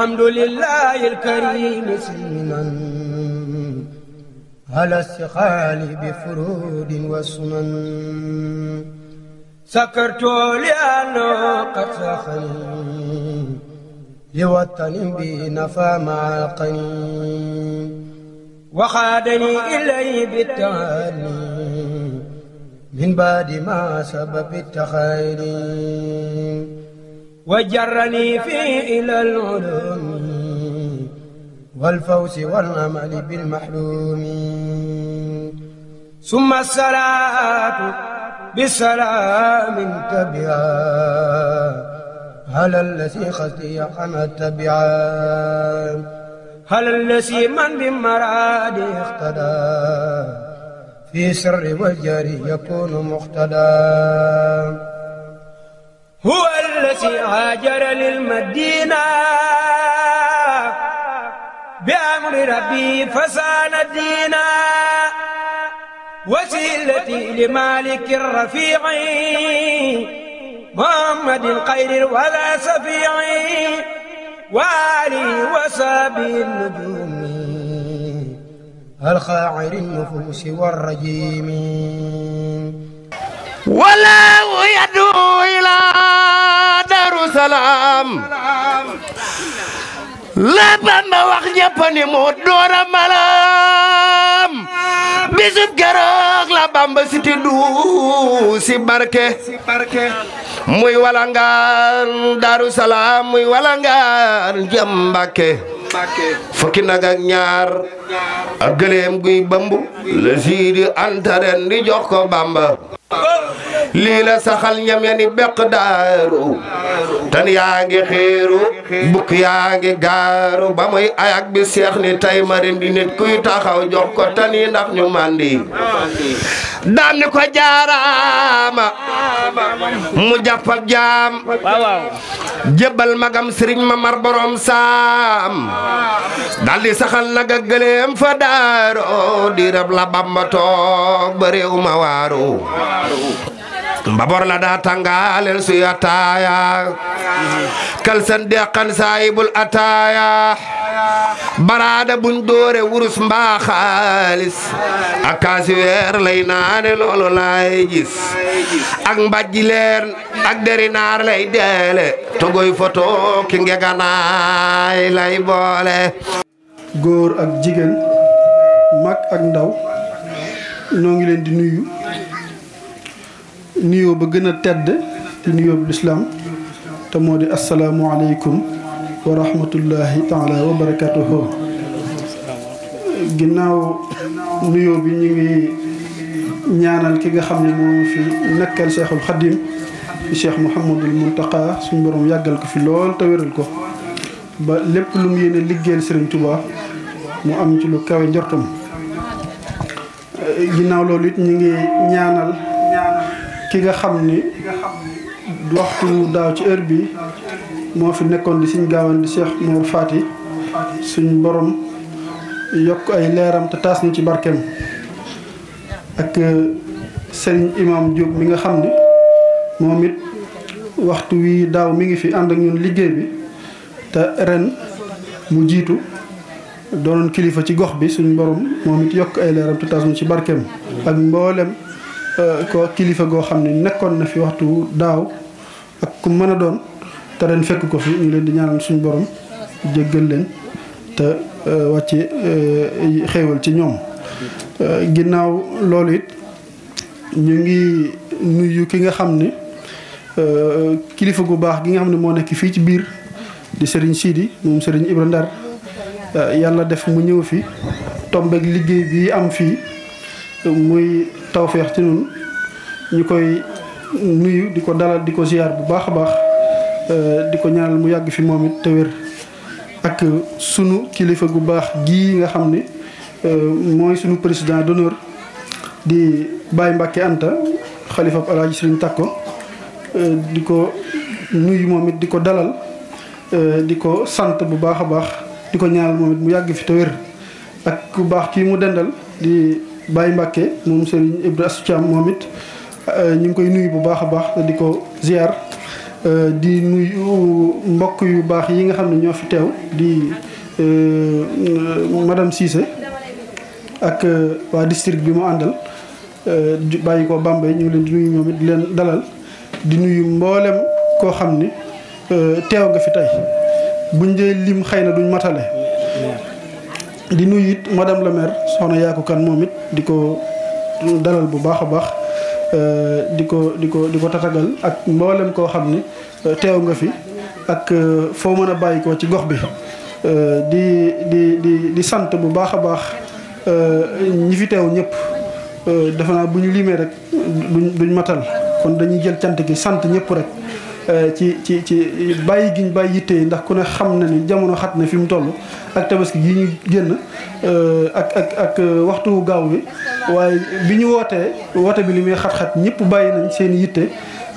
الحمد لله الكريم سلما على استقال بفرود وسنن سكرت لأنه قد سخني لوطن بنفى مع القنين وخادني إليه بالتهاني من بعد ما سبب التخيرين وجرني في إلى العلوم والفوز والأمل بالمحلوم ثم الصلاة بسلام تبعا على الذي خطي أنا تبعا على الذي من بمراد اقتدى في سر والجار يكون مقتدى هو الذي هاجر للمدينة بأمر ربي فسان الدين وسيلتي لمالك الرفيع محمد الخير ولا سفيع وآله وصحبه النجوم الخاعر النفوس والرجيم wallahu yadu ila daru salaam la bamba wax ñëpp mu doora malam bisub keroog la bamba si du si barke muy walangaan daru salaam muy walangaan jëm Mbàkke fukki nag ak ñaar ak gëléem guy bambu le siidi antaren di jox ko Bamba akbar lii la saxal ñam ya ni beq daaru tan yaa ngi xiiru bukk yaa ngi gaaru ba muy ayak bi seex ni tay di nit kuy taxaw jox ko tan yi ndax ñu mandi daan ni ko jaaraama mu jàpp jaam jébbal magam sëriñ mamar borom saam daldi saxal nag ak fa daaru di rab la bamba toog ba réew ma waaru mbabor la daa suy ataaya kalsan deqan saayibul ataaya baraada buñ doore wurus mbaa xaalis ak kaasi lay naane loolu laay gis ak mbajji ak deri lay deele togoy foto ngeganaay lay boole góor ak jigéen mag ak ndaw noo leen di nuyu nuyoo ba gën a tedd ci nuyoo bu lislaam te moo di assalaamu aleykum wa rahmatullahi taala wa ginnaaw nuyoo bi ñu ngi ñaanal ki nga xam ne moom fi nekkal Cheikhul Khadim di Cheikh Mouhamadul Mountakha suñu borom yàggal ko fi lool te wéral ko ba lépp lu mu yéene liggéeyal Serigne Touba mu am ci lu kawe njortam ginnaaw loolu it ñu ngi ñaanal ki nga xam ni waxtu daaw ci heure bi moo fi nekkoon di suñ gaawaan di Cheikh Nour Fati suñ borom yokk ay leeram te taas ci barkeem ak euh, seen imam Diop mi nga xam ni moom it waxtu wi daaw mi ngi fi ànd ak ñun liggéey bi te ren mu jiitu doonoon kilifa ci gox bi suñ borom moom it yokk ay leeram te taas ñu ci barkeem ak mbooleem Euh, ko kilifa goo xam ne nekkoon na fi waxtu daaw ak ku mën a doon te ren fekk ko fi ñu leen di ñaanal suñu borom jéggal leen te euh, wàcce euh, xéewal ci ñoom ginnaaw loolu it ñu ngi nuyu ki nga xam ne kilifa gu baax gi nga xam ne moo nekk fii ci biir di sëriñ Sidi moom sëriñ Ibra Ndar yàlla def mu ñëw fi tombeek liggéey bi am fii muy tawféex ci ñun ñu koy nuyu di ko dalal di ko ziar bu baax a baax euh, di ko ñaanal mu yàgg fi moom it te wér ak sunu kilifa gu baax gii nga xam ne euh, mooy sunu président d'honneur di Baye Mbacke Anta xalifa Alaaji Sëriñ Takko euh, di ko nuyu moom it di ko dalal di ko sant bu baax a baax di ko ñaanal moom it mu yàgg fi te wér ak ku baax kii mu dendal di Baye Mbacke moom Serigne Ibra Thiam moom it euh, ñu ngi koy nuyu bu baax a baax di ko ziar euh, di nuyu mbokk yu baax yi nga xam ne ñoo fi teew di euh, madame Cissé ak waa district bi mu àndal bàyyi ko Bambey ñu leen di nuyu ñoom it di leen dalal di nuyu mboolem koo xam ni teew nga fi tey buñ dee lim xëy na duñ matale di nuyu it madame la maire soxna Yaaku moom it di ko dalal bu baax a baax euh, di ko di ko di ko tatagal ak mboolem koo xam ne euh, teew nga fi ak euh, foo mën a bàyyi ko ci gox bi. di di di di sant bu baax a baax ñi fi teew ñëpp defe naa bu ñu limee rek duñ duñ matal kon dañuy jël cant gi sant ñëpp rek. ci ci ci bàyyi giñ bàyyi yitte ndax ku ne xam na ni jamono xat na fi mu toll ak tabaski yi ñu génn euh, ak ak ak euh, waxtu gaaw bi waaye bi ñu wootee woote bi li muy xat-xat ñëpp bàyyi nañ seen yitte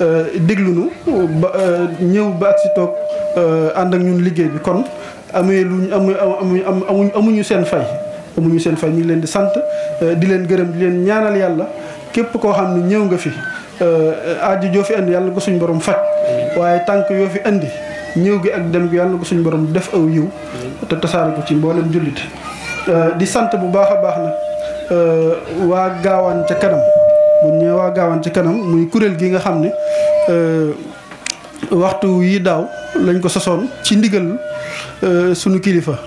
euh, déglu nu ba ñëw ba ak si toog ànd ak ñun liggéey bi kon amee luñ amu amuñu seen fay amuñu seen fay ñu leen di sant di leen gërëm di leen ñaanal yàlla képp koo xam ne ñëw nga fi aaju joo fi indi yàlla ko suñ borom faj waaye tànk yoo fi indi ñëw gi ak dem gi yàlla na ko suñu borom def aw yiw te tasaare ko ci mboolem jullit euh, di sant bu baax a baax na euh, waa gaawaan ca kanam waa gaawaan ca kanam muy kuréel gi nga xam ne euh, waxtu yi daaw lañ ko sosoon ci ndigal sunu kilifa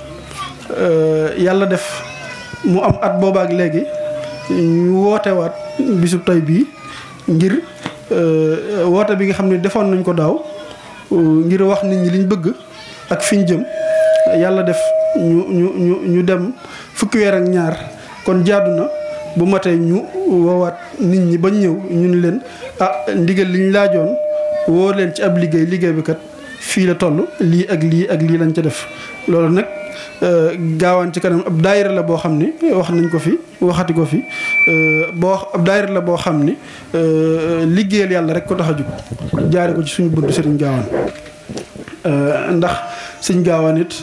yàlla def mu am at boobaak léegi ñu wootewaat bisub tey bii ngir woote bi nga xam ne defoon nañ ko daaw ngir wax nit ñi liñ bëgg ak fiñ jëm yàlla def ñu ñu ñu ñu dem fukki weer ak ñaar kon jaadu na bu matee ñu woowaat nit ñi bañ ñëw ñu ni leen ah ndigal liñ laajoon woo leen ci ab liggéey liggéey bi kat fii la toll lii ak lii ak lii lañ ca def loolu nag Euh, gaawaan ci kanam ab daayira la boo xam ni wax nañ ko fi waxati ko fi euh, boo ab daayira la boo xam ni euh, liggéeyal yàlla rek ko tax a jug jaare ko ci suñu bunt sëriñ gaawaan ndax sëñ gaawaan it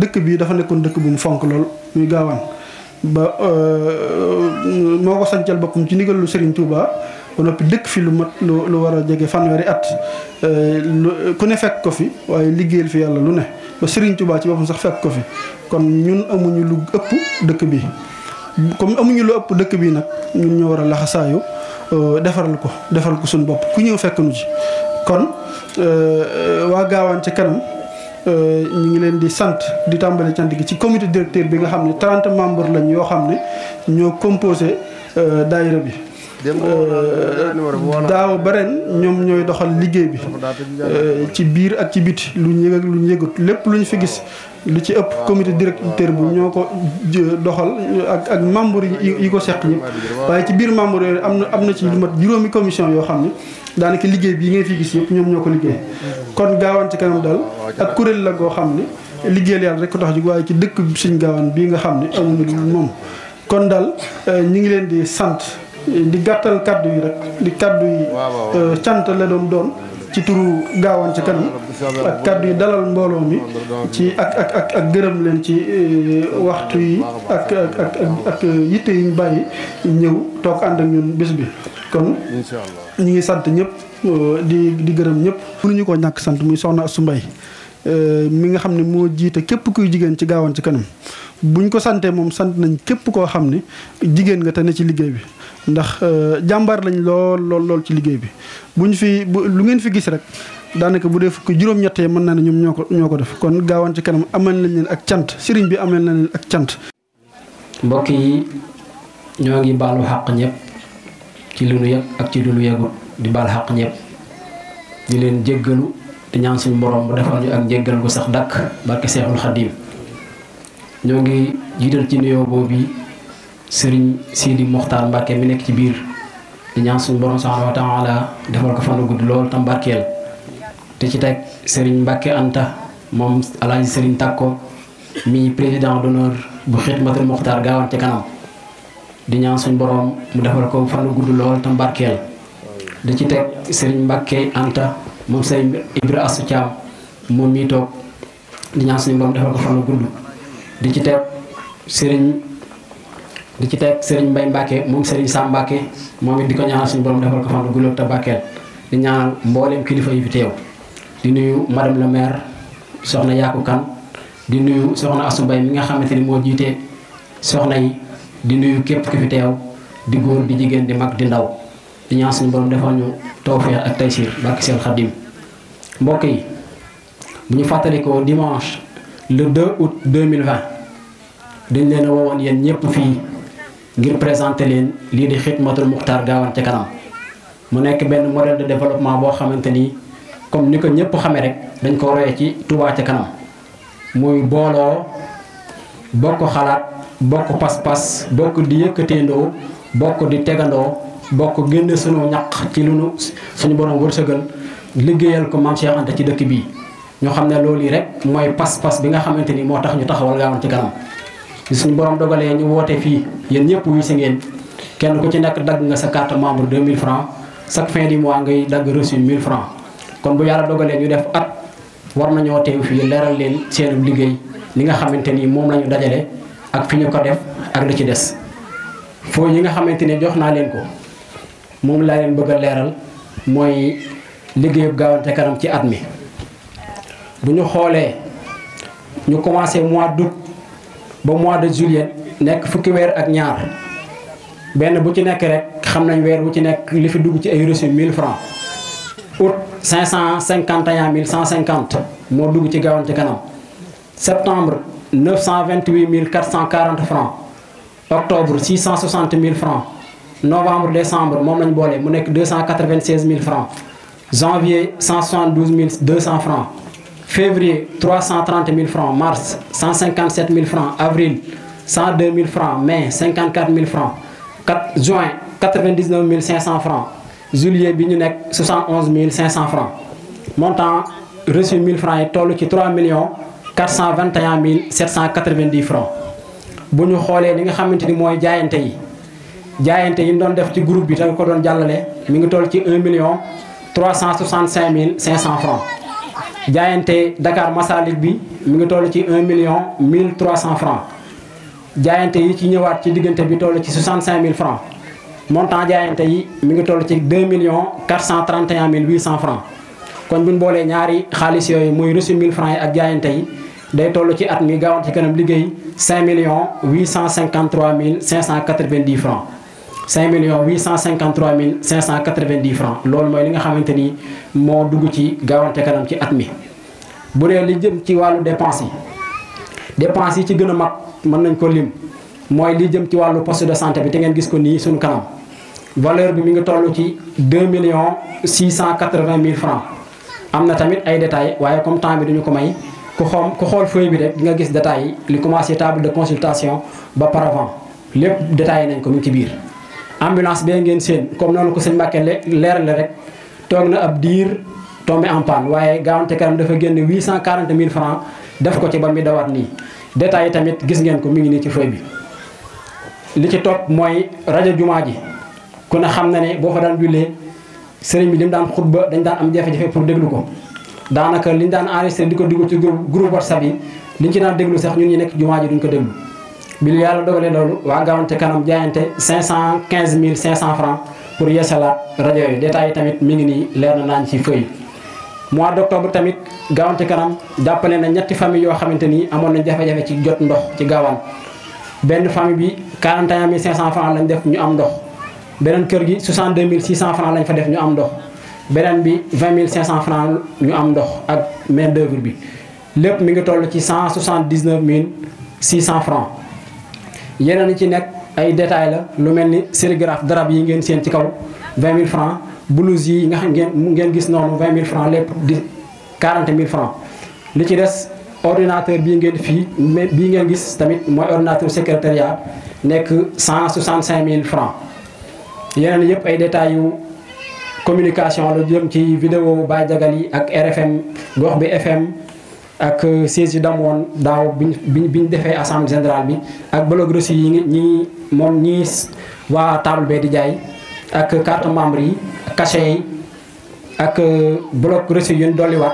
dëkk bii dafa nekkoon dëkk bu mu fonk lool muy gaawaan ba moo ko sancal boppam ci ndigal lu sëriñ Touba ba noppi dëkk fi lu mat lu lu war a jege fanweeri at ku ne fekk ko fi waaye liggéeyal fi yàlla lu ne ba Serigne Touba ci boppam sax fekk ko fi kon ñun amuñu lu ëpp dëkk bi comme amuñu lu ëpp dëkk bi nag ñun ñoo war a laxasaayu euh, defaral ko defaral ko suñu bopp ku ñëw fekk nu ci kon euh, waa gaawaan ci kanam euh, ñu ngi leen di sant di tàmbali cant gi ci commité directeur bi nga xam ne 30 membres lañ yoo xam ne ñoo composé daayira bi Euh, euh, daaw ba ren ñoom ñooy doxal liggéey bi euh, ci biir ak ci biti lu ñu yëg ak lu ñu yëgut lépp lu ñu fi gis lu ci ëpp comité directeur bu ñoo ko doxal ak ak membre yi ko seq ñëpp waaye ci biir membre yooyu am na am na ci lu juróomi commission yoo xam ne daanaka liggéey bi yi ngay fi gis yëpp ñoom ñoo ko liggéey kon gaawaan ci kanam daal ak kuréel la koo xam ne liggéey yàlla rekk ko tax jóg waaye ci dëkk suñ gaawaan bii nga xam ne amuñu moom kon daal ñu ngi leen di sant di gàttal kaddu yi rek di kaddu yi euh, cant la doon doon ci turu gaawoon ci kanam ak kaddu yi dalal mbooloo mi ci ak ak ak ak gërëm leen ci euh, waxtu yi ak ak ak ak euh, yitte yi ñu bàyyi ñëw toog ànd ak ñun bés bi kon ñu ngi sant ñëpp di di gërëm ñëpp ñu ko ñàkk sant muy soxna Astou Mbaye mi nga xam ne moo jiite képp kuy jigéen ci gaawoon ci kanam buñ ko santee moom sant nañ képp koo xam ne jigéen nga te ne ci liggéey bi ndax euh, jàmbaar lañ lool lool lool ci liggéey bi bu buñ fi lu ngeen fi gis rek daanaka bu dee fukki juróom-ñettee mën naa ne ñoom ñoo ko ñoo ko def kon gaawaan ci kanam amal nañ leen ak cant sëriñ bi amal na leen ak cant. mbokk yi ñoo ngi baalu xàq ñépp ci lu nu yëg ak ci lu nu yëgul di baal xàq ñëpp di leen jéggalu te ñaan suñu borom bu defal ñu ak jéggal gu sax dàkk barke Seexul Xadiim ñoo ngi jiital ci nuyoo boobu sëriñ Sidi Mokhtar Mbacke mi nekk ci biir di ñaan suñu borom subhanahu wa defal ko fanu gudd lool tam barkeel te ci teg sëriñ Mbacke moom alaaji sëriñ Takko mi président d'honneur bu xidmatul Mokhtar Gawane ca kanam di ñaan borom mu defal ko fanu gudd lool tam barkeel di ci teg sëriñ Mbacke Anta moom sëriñ Ibra Asu Thiam moom mii toog di ñaan suñu borom defal ko fanu gudd di ci teg sëriñ. di ci teg Serigne Mbaye Mbacke moom seen Sam Mbacke moom it di ko ñaanal suñu borom defal ko fan bu guddal te di ñaanal mboolem kilifa yi fi teew di nuyu madame le maire soxna Yaku Kan di nuyu soxna Assou Mbaye mi nga xamante ni moo jiite soxna yi di nuyu képp ki fi teew di góor di jigéen di mag di ndaw di ñaan suñu borom defal ñu tawfeex ak taysiir barki seen xaddim mbokk yi bu ñu fàttalikoo dimanche le 2 août 2020 dañ leen a woowoon yéen ñëpp fii. ngir présenter leen lii di xidmatul muxtaar gaawan ca kanam mu nekk benn modèle de développement boo xamante ni comme ni ko ñëpp xamee rek dañ ko royee ci Touba ca kanam muy booloo bokk xalaat bokk pas-pas bokk di yëkkateendoo bokk di tegandoo bokk génne sunu ñaq ci lu ñu suñu borom wërsëgal liggéeyal ko maam Cheikh Anta ci dëkk bii ñu xam ne loolu yi rek mooy pas-pas bi nga xamante ni moo tax ñu taxawal gaawan ci kanam bi suñu borom dogalee ñu woote fii yéen ñëpp wuy si ngeen kenn ku ci nekk dagg nga sa carte membre 2000 francs chaque fin du mois ngay dagg reçu 1000 francs kon bu yàlla dogalee ñu def at war nañoo teew fii leeral leen seen liggéey li nga xamante ni moom lañu dajale ak fi ñu ko def ak li ci des foo yi nga xamante ni jox naa leen ko moom laa leen bëgg a leeral mooy liggéeyu Gaawante Kanam ci at mi bu ñu xoolee ñu commencé mois d'août ba mois de juillet nekk fukki weer ak ñaar benn bu ci nekk rek xam nañ weer bu ci nekk li fi dugg ci ay reçu 1000 francs août 551 150 moo dugg ci Gawane ci kanam septembre 928 440 francs octobre 660 000 francs novembre décembre moom lañ boolee mu nekk 296 000 francs janvier 172 200 francs février 330 000 francs mars 157 000 francs avril 102 000 francs mai 54 000 francs 4 juin 99 500 francs juillet bi ñu nekk 71 500 francs montant reçu 1000 francs yi toll ci 3 millions 421 790 francs bu ñu xoolee li nga xamante ni mooy jaayante yi jaayante yi ñu doon def ci groupe bi te ko doon jàllale mi ngi toll ci 1 million 365 500 francs jaayante dakaar Massalik bi mu ngi toll ci 1 million cent francs jaayante yi ci ñëwaat ci diggante bi toll ci 65000 francs montant jaayante yi mi ngi toll ci 2 millions 431 800 francs kon buñ boolee ñaari xaalis yooyu muy reçu 1000 francs yi ak jaayante yi day toll ci at mi gaawoon ci kanam liggéey 5 millions 853 590 francs 5 millions 853 mille 590 francs loolu mooy li nga xamante ni moo dugg ci Gaawante Kanam ci at mi bu dee li jëm ci wàllu dépense yi dépense yi ci gën a mag mën nañ ko lim mooy li jëm ci wàllu poste de santé bi te ngeen gis ko nii suñu kanam valeur bi mi ngi toll ci 2 millions 680 mille francs am na tamit ay détails waaye comme temps bi duñu ko may ku xoom ku xool feuille bi rek di nga gis détails yi li commencé table de consultation ba paravent lépp détaillé nañ ko mu ci biir ambulance bee ngeen seen comme noonu ko sëñ Mbàkke leerale rek toog na ab diir tombé en panne waaye gaawante kanam dafa génn 840 000 francs def ko ci ba mi dawat nii détails yi tamit gis ngeen ko mi ngi nii ci feuille bi. li ci topp mooy rajo jumaa ji ku ne xam na ne boo fa daan jullee sëriñ bi li mu daan xutba dañ daan am jafe-jafe pour déglu ko daanaka li ñu daan enregistré di ko dugg ci groupe WhatsApp yi li ñu ci daan déglu sax ñun ñu nekk jumaa ji duñ ko déglu. bi lu yàlla dogalee loolu waa Gaawante kanam jaayante cinq cent quinze mille cinq cent francs pour yeesalaat rajo yi détails yi tamit mi ngi nii leer na naan ci feuille mois d'octobre tamit Gaawante kanam jàppale na ñetti famille yoo xamante ni amoon nañ jafe-jafe ci jot ndox ci gaawaan benn famille bi 41 mille 500 francs lañ def ñu am ndox beneen kër gi 62 mille 600 francs lañu fa def ñu am ndox beneen bi 20 mille 500 francs ñu am ndox ak main d'œuvre bi lépp mi ngi toll ci 179 mille 600 francs yeneen yi ci nekk ay détails la lu mel ni sérigraphe darab yi ngeen seen ci kaw 20 000 francs blouse yi nga xam ngeen ngeen gis noonu 20 000 francs lépp di 40 000 francs li ci des ordinateur bii ngeen fii bii ngeen gis tamit mooy ordinateur secrétariat nekk 165 000 francs yeneen yëpp ay détails yu communication la jëm ci vidéo Baye Diagal yi ak RFM gox bi FM ak euh, siège yi dam woon daaw bi ñu bi ñu defee assemblée générale bi ak bloc reçu yi ñi ñi moom ñi waa table bee di jaay ak carte membre yi cachet yi ak euh, bloc reçu yu ñu dolliwaat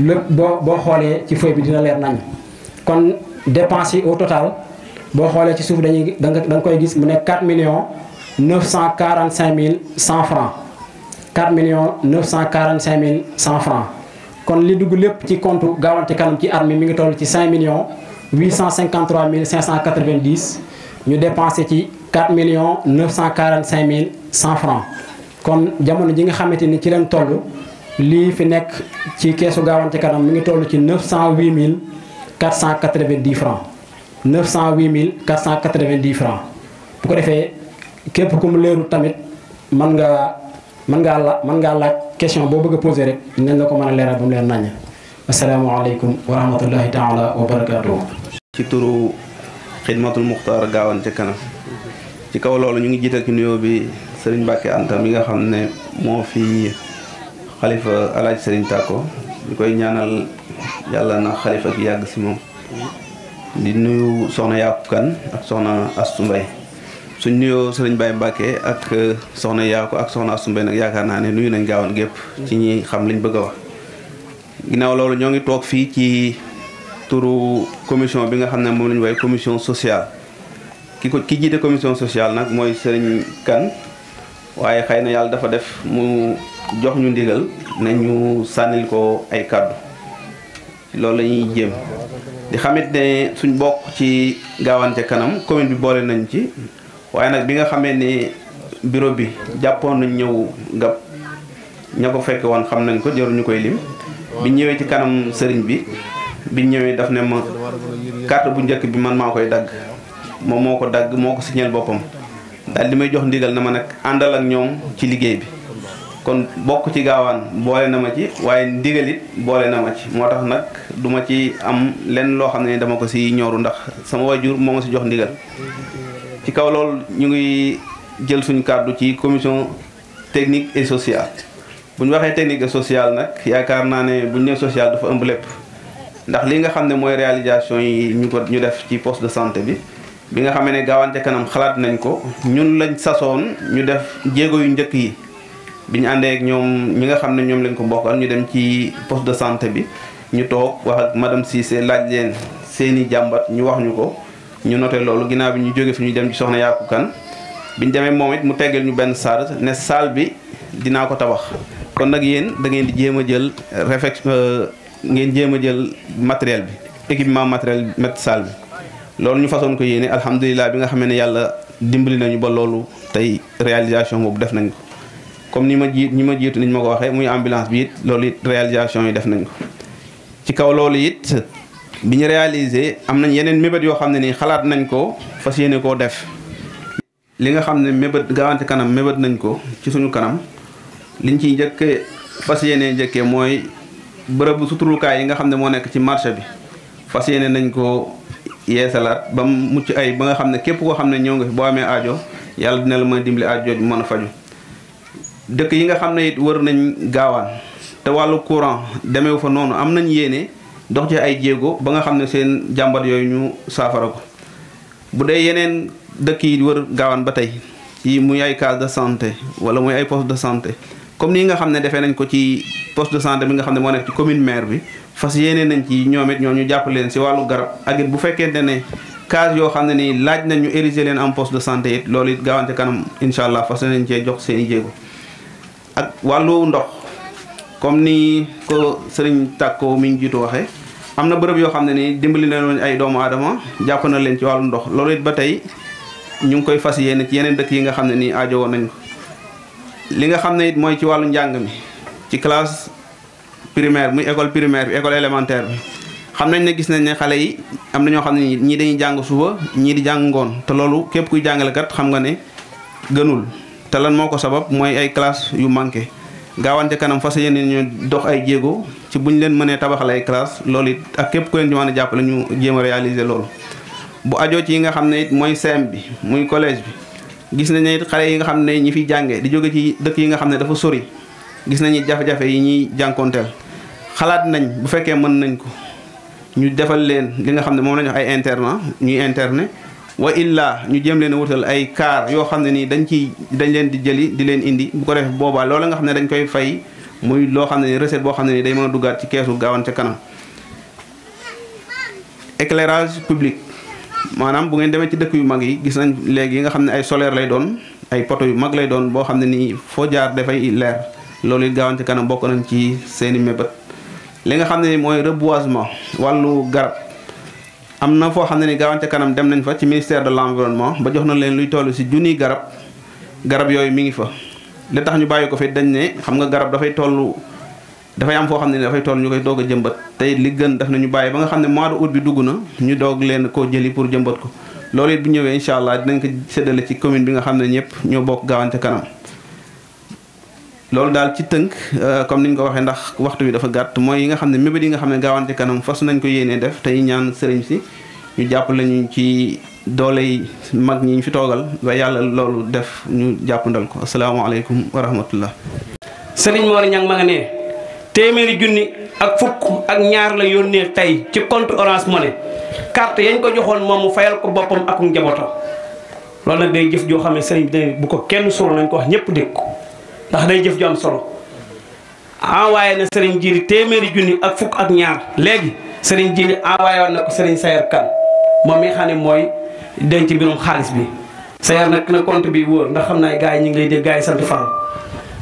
lépp boo boo xoolee ci feuille bi dina leer nañ kon dépense yi au total boo xoolee ci suuf dañuy da nga koy gis mu nekk 4 millions 945 mille 100 francs 4 millions 945 mille 100 francs kon li dugg lépp ci compte Gawane ci kanam ci armée mi ngi toll ci 5 millions 853 mille 590 ñu dépensé ci 4 millions 945 mille 100 francs kon jamono ji nga xamante ni ci leen toll lii fi nekk ci keesu Gawane ci kanam mi ngi toll ci 908 mille 490 francs 908 mille 490 francs bu ko defee képp ku mu tamit mën nga. mën ngaa la mën ngaa laaj question boo bëgg a posé rek nañ la ko mën a leeral ba mu leer naññ. asalaamaaleykum wa rahmatullahi taala wa barakaatu. ci turu xidmatul muxtaar gaawan ca kanam ci kaw loolu ñu ngi jiital ki nuyoo bi sëriñ Mbàkke Anta mi nga xam ne moo fi xalifa alaaj sëriñ Tàkko ñu koy ñaanal yàlla na xalifa gi yàgg si moom di nuyu soxna Yaaku Kan ak soxna Astu Mbay suñ nuyoo sëriñ Baye Mbacke ak euh, soxna Yaako ak soxna Asumbe nag yaakaar naa ne nuyu nañ gaawan gépp ci ñi xam liñ bëgg a wax ginnaaw loolu ñoo ngi toog fii ci turu commission bi nga xam ne moom la ñu waaye commission sociale ki ko ki jiite commission sociale nag mooy sëriñ Kan waaye xëy na yàlla dafa def mu jox ñu ndigal na ñu sànnil ko ay kàddu loolu lañuy ñuy jéem di xamit ne suñ bokk ci gaawaan ca kanam commune bi boole nañ ci waaye nag bi nga xamee ni bureau bi jàppoon nañ ñëw gab ña ko fekk woon xam nañ ko jarul koy lim bi ñëwee ci kanam sëriñ bi bi ñëwee daf ne ma carte bu njëkk bi man maa koy dagg moom moo ko dagg moo ko signal boppam daal di may jox ndigal na ma nag àndal ak ñoom ci liggéey bi kon bokk ci gaawaan boole na ma ci waaye ndigalit boole na ma ci moo tax nag duma ci am lenn loo xam ne dama ko si ñooru ndax sama waajur moo ma si jox ndigal ci kaw loolu ñu ngi jël suñu kàddu ci commission technique et sociale bu ñu waxee technique et sociale nag yaakaar naa ne buñ ñu nee sociale dafa ëmb lépp ndax li nga xam ne mooy réalisation yi ñu ko ñu def ci poste de santé bi bi nga xamee ne Gawane ca kanam xalaat nañ ko ñun lañ sasoon ñu def jéego yu njëkk yi bi ñu àndee ak ñoom ñi nga xam ne ñoom lañ ko bokkal ñu dem ci poste de santé bi ñu toog wax ak madame Cissé laaj leen seeni jàmbat ñu wax ñu ko ñu noté loolu ginnaaw bi ñu jógee fi ñu dem ci soxna Yaaku Kan biñ demee moom it mu teggal ñu benn saal ne saal bi dinaa ko tabax kon nag yéen da ngeen di jéem a jël réflexion euh, ngeen jéem a jël matériel bi équipement matériel met saal bi loolu ñu façon ko yéene alhamdulilah bi nga xamee ne yàlla dimbali nañu ba loolu tey réalisation boobu def nañ ko comme ni ma jiit ñi ma jiitu niñ ma ko waxee muy ambulance bi it loolu it réalisation yi def nañ ko ci kaw bi ñu réalisé am nañ yeneen mébét yoo xam ne ni xalaat nañ ko fas yéene koo def li nga xam ne mébét Gaawante Kanam mébét nañ ko ci suñu kanam liñ ciy njëkkee fas yéene njëkkee mooy bërëbu suturukaay yi nga xam ne moo nekk ci marché bi fas yéene nañ ko yeesalaat ba mu mucc ay ba nga xam ne képp koo xam ne ñëw nga fi boo amee ajo yàlla dina la mën a dimbali aajo jooju mën a faju dëkk yi nga xam ne it wër nañ gaawaan te wàllu courant demeewu fa noonu am nañ yéene dox ci ay jéego ba nga xam ne seen jàmbat yooyu ñu saafara ko bu dee yeneen dëkk yi wër gaawaan ba tey ci muy ay case de santé wala muy ay poste de santé comme nii nga xam ne defee nañ ko ci poste de santé bi nga xam ne moo nekk ci commune maire bi fas yéene nañ ci ñoom it ñoo ñu jàpp leen si wàllu garab ak it bu fekkente ne case yoo xam ne nii laaj nañ ñu ériger leen am poste de santé it loolu it gaawaan ca kanam incha allah fas nañ cee jox seen i jéego ak wàllu ndox comme ni ko sëriñ Tàkko mi ngi jiitu waxee. am na bërëb yoo xam ne nii dimbali nañu ay doomu aadama jàpp na leen ci wàllu ndox loolu it ba tey ñu ngi koy fas yéene ci yeneen dëkk yi nga xam ne nii aajowoon nañ ko li nga xam ne it mooy ci wàllu njàng mi ci classe primaire muy école primaire bi école élémentaire bi xam nañ ne gis nañ ne xale yi am na ñoo xam ne ñii dañuy jàng suba ñii di jàng ngoon te loolu képp kuy kat xam nga ne gënul te lan moo ko sabab mooy ay classe yu manqué gaawante kanam fas yéene ñu dox ay jéego ci bu ñu leen mënee tabaxal ay classe loolu it ak képp ku leen ci mën a jàppale ñu jéem réaliser loolu bu ajoo ci yi nga xam ne it mooy CEM bi muy collège bi gis nañ ne it xale yi nga xam ne ñi fiy jàngee di jóge ci dëkk yi nga xam ne dafa sori gis nañu jafe-jafe yi ñuy jànkoonteel xalaat nañ bu fekkee mën nañ ko ñu defal leen li nga xam ne moom la ay internat ñuy interne wa illa ñu jéem leen a wutal ay kaar yoo xam ne nii dañ ciy dañ leen di jëli di leen indi bu ko defee boobaa nga xam ne dañ koy fay muy loo xam ne ni recette boo xam ne ni day mën a ci keesu Gawane ca kanam éclairage public maanaam bu ngeen demee ci dëkk yu mag yi gis nañ léegi yi nga xam ne ay solaire lay doon ay poto yu mag lay doon boo xam ne nii foo jaar dafay leer loolu it Gawane ca kanam bokk nañ ci seeni mébét li nga xam ne ni mooy reboisement wàllu garab am na foo xam ne ni Gawane ca kanam dem nañ fa ci ministère de l'environnement ba jox na leen luy tollu si junniy garab garab yooyu mi ngi fa li tax ñu bàyyi ko fee dañ ne xam nga garab dafay toll dafay am foo xam ne dafay toll ñu koy doog a jëmbat tey li gën daf nañu bàyyi ba nga xam ne mois de août bi dugg na ñu doog leen koo jëli pour jëmbat ko loolu it bu ñëwee incha allah dinañ ko séddale ci commune bi nga xam ne ñëpp ñoo bokk gaawante kanam loolu daal ci tënk euh, comme ni ñu ko waxee ndax waxtu wi dafa gàtt mooy yi nga xam ne mébét yi nga xam ne gaawante kanam fas nañ ko yéenee def tey ñaan sëriñ si ñu jàppale ñu ci doole dooley mag ñi fi toogal ba yàlla loolu def ñu jàppandal ko asalaamaaleykum wa rahmatullah sëriñ Mor Niang ma nga ne téeméeri junni ak fukk ak ñaar la yónnee tey ci compte Orange Money carte yañ ko joxoon moom mu fayal ko boppam ak njabootam loolu nag day jëf joo xam ne sëriñ bi bu ko kenn solo nañ ko wax ñëpp dégg ko ndax day jëf ju am solo envoyé na sëriñ Jili téeméeri junni ak fukk ak ñaar léegi sëriñ Jili envoyé woon na ko sëriñ Sayar Kan moom denc mbirum xaalis bi sa yar nag na compte bi wóor ndax xam naa gars yi ñu ngi lay dégg gars yi sant Fall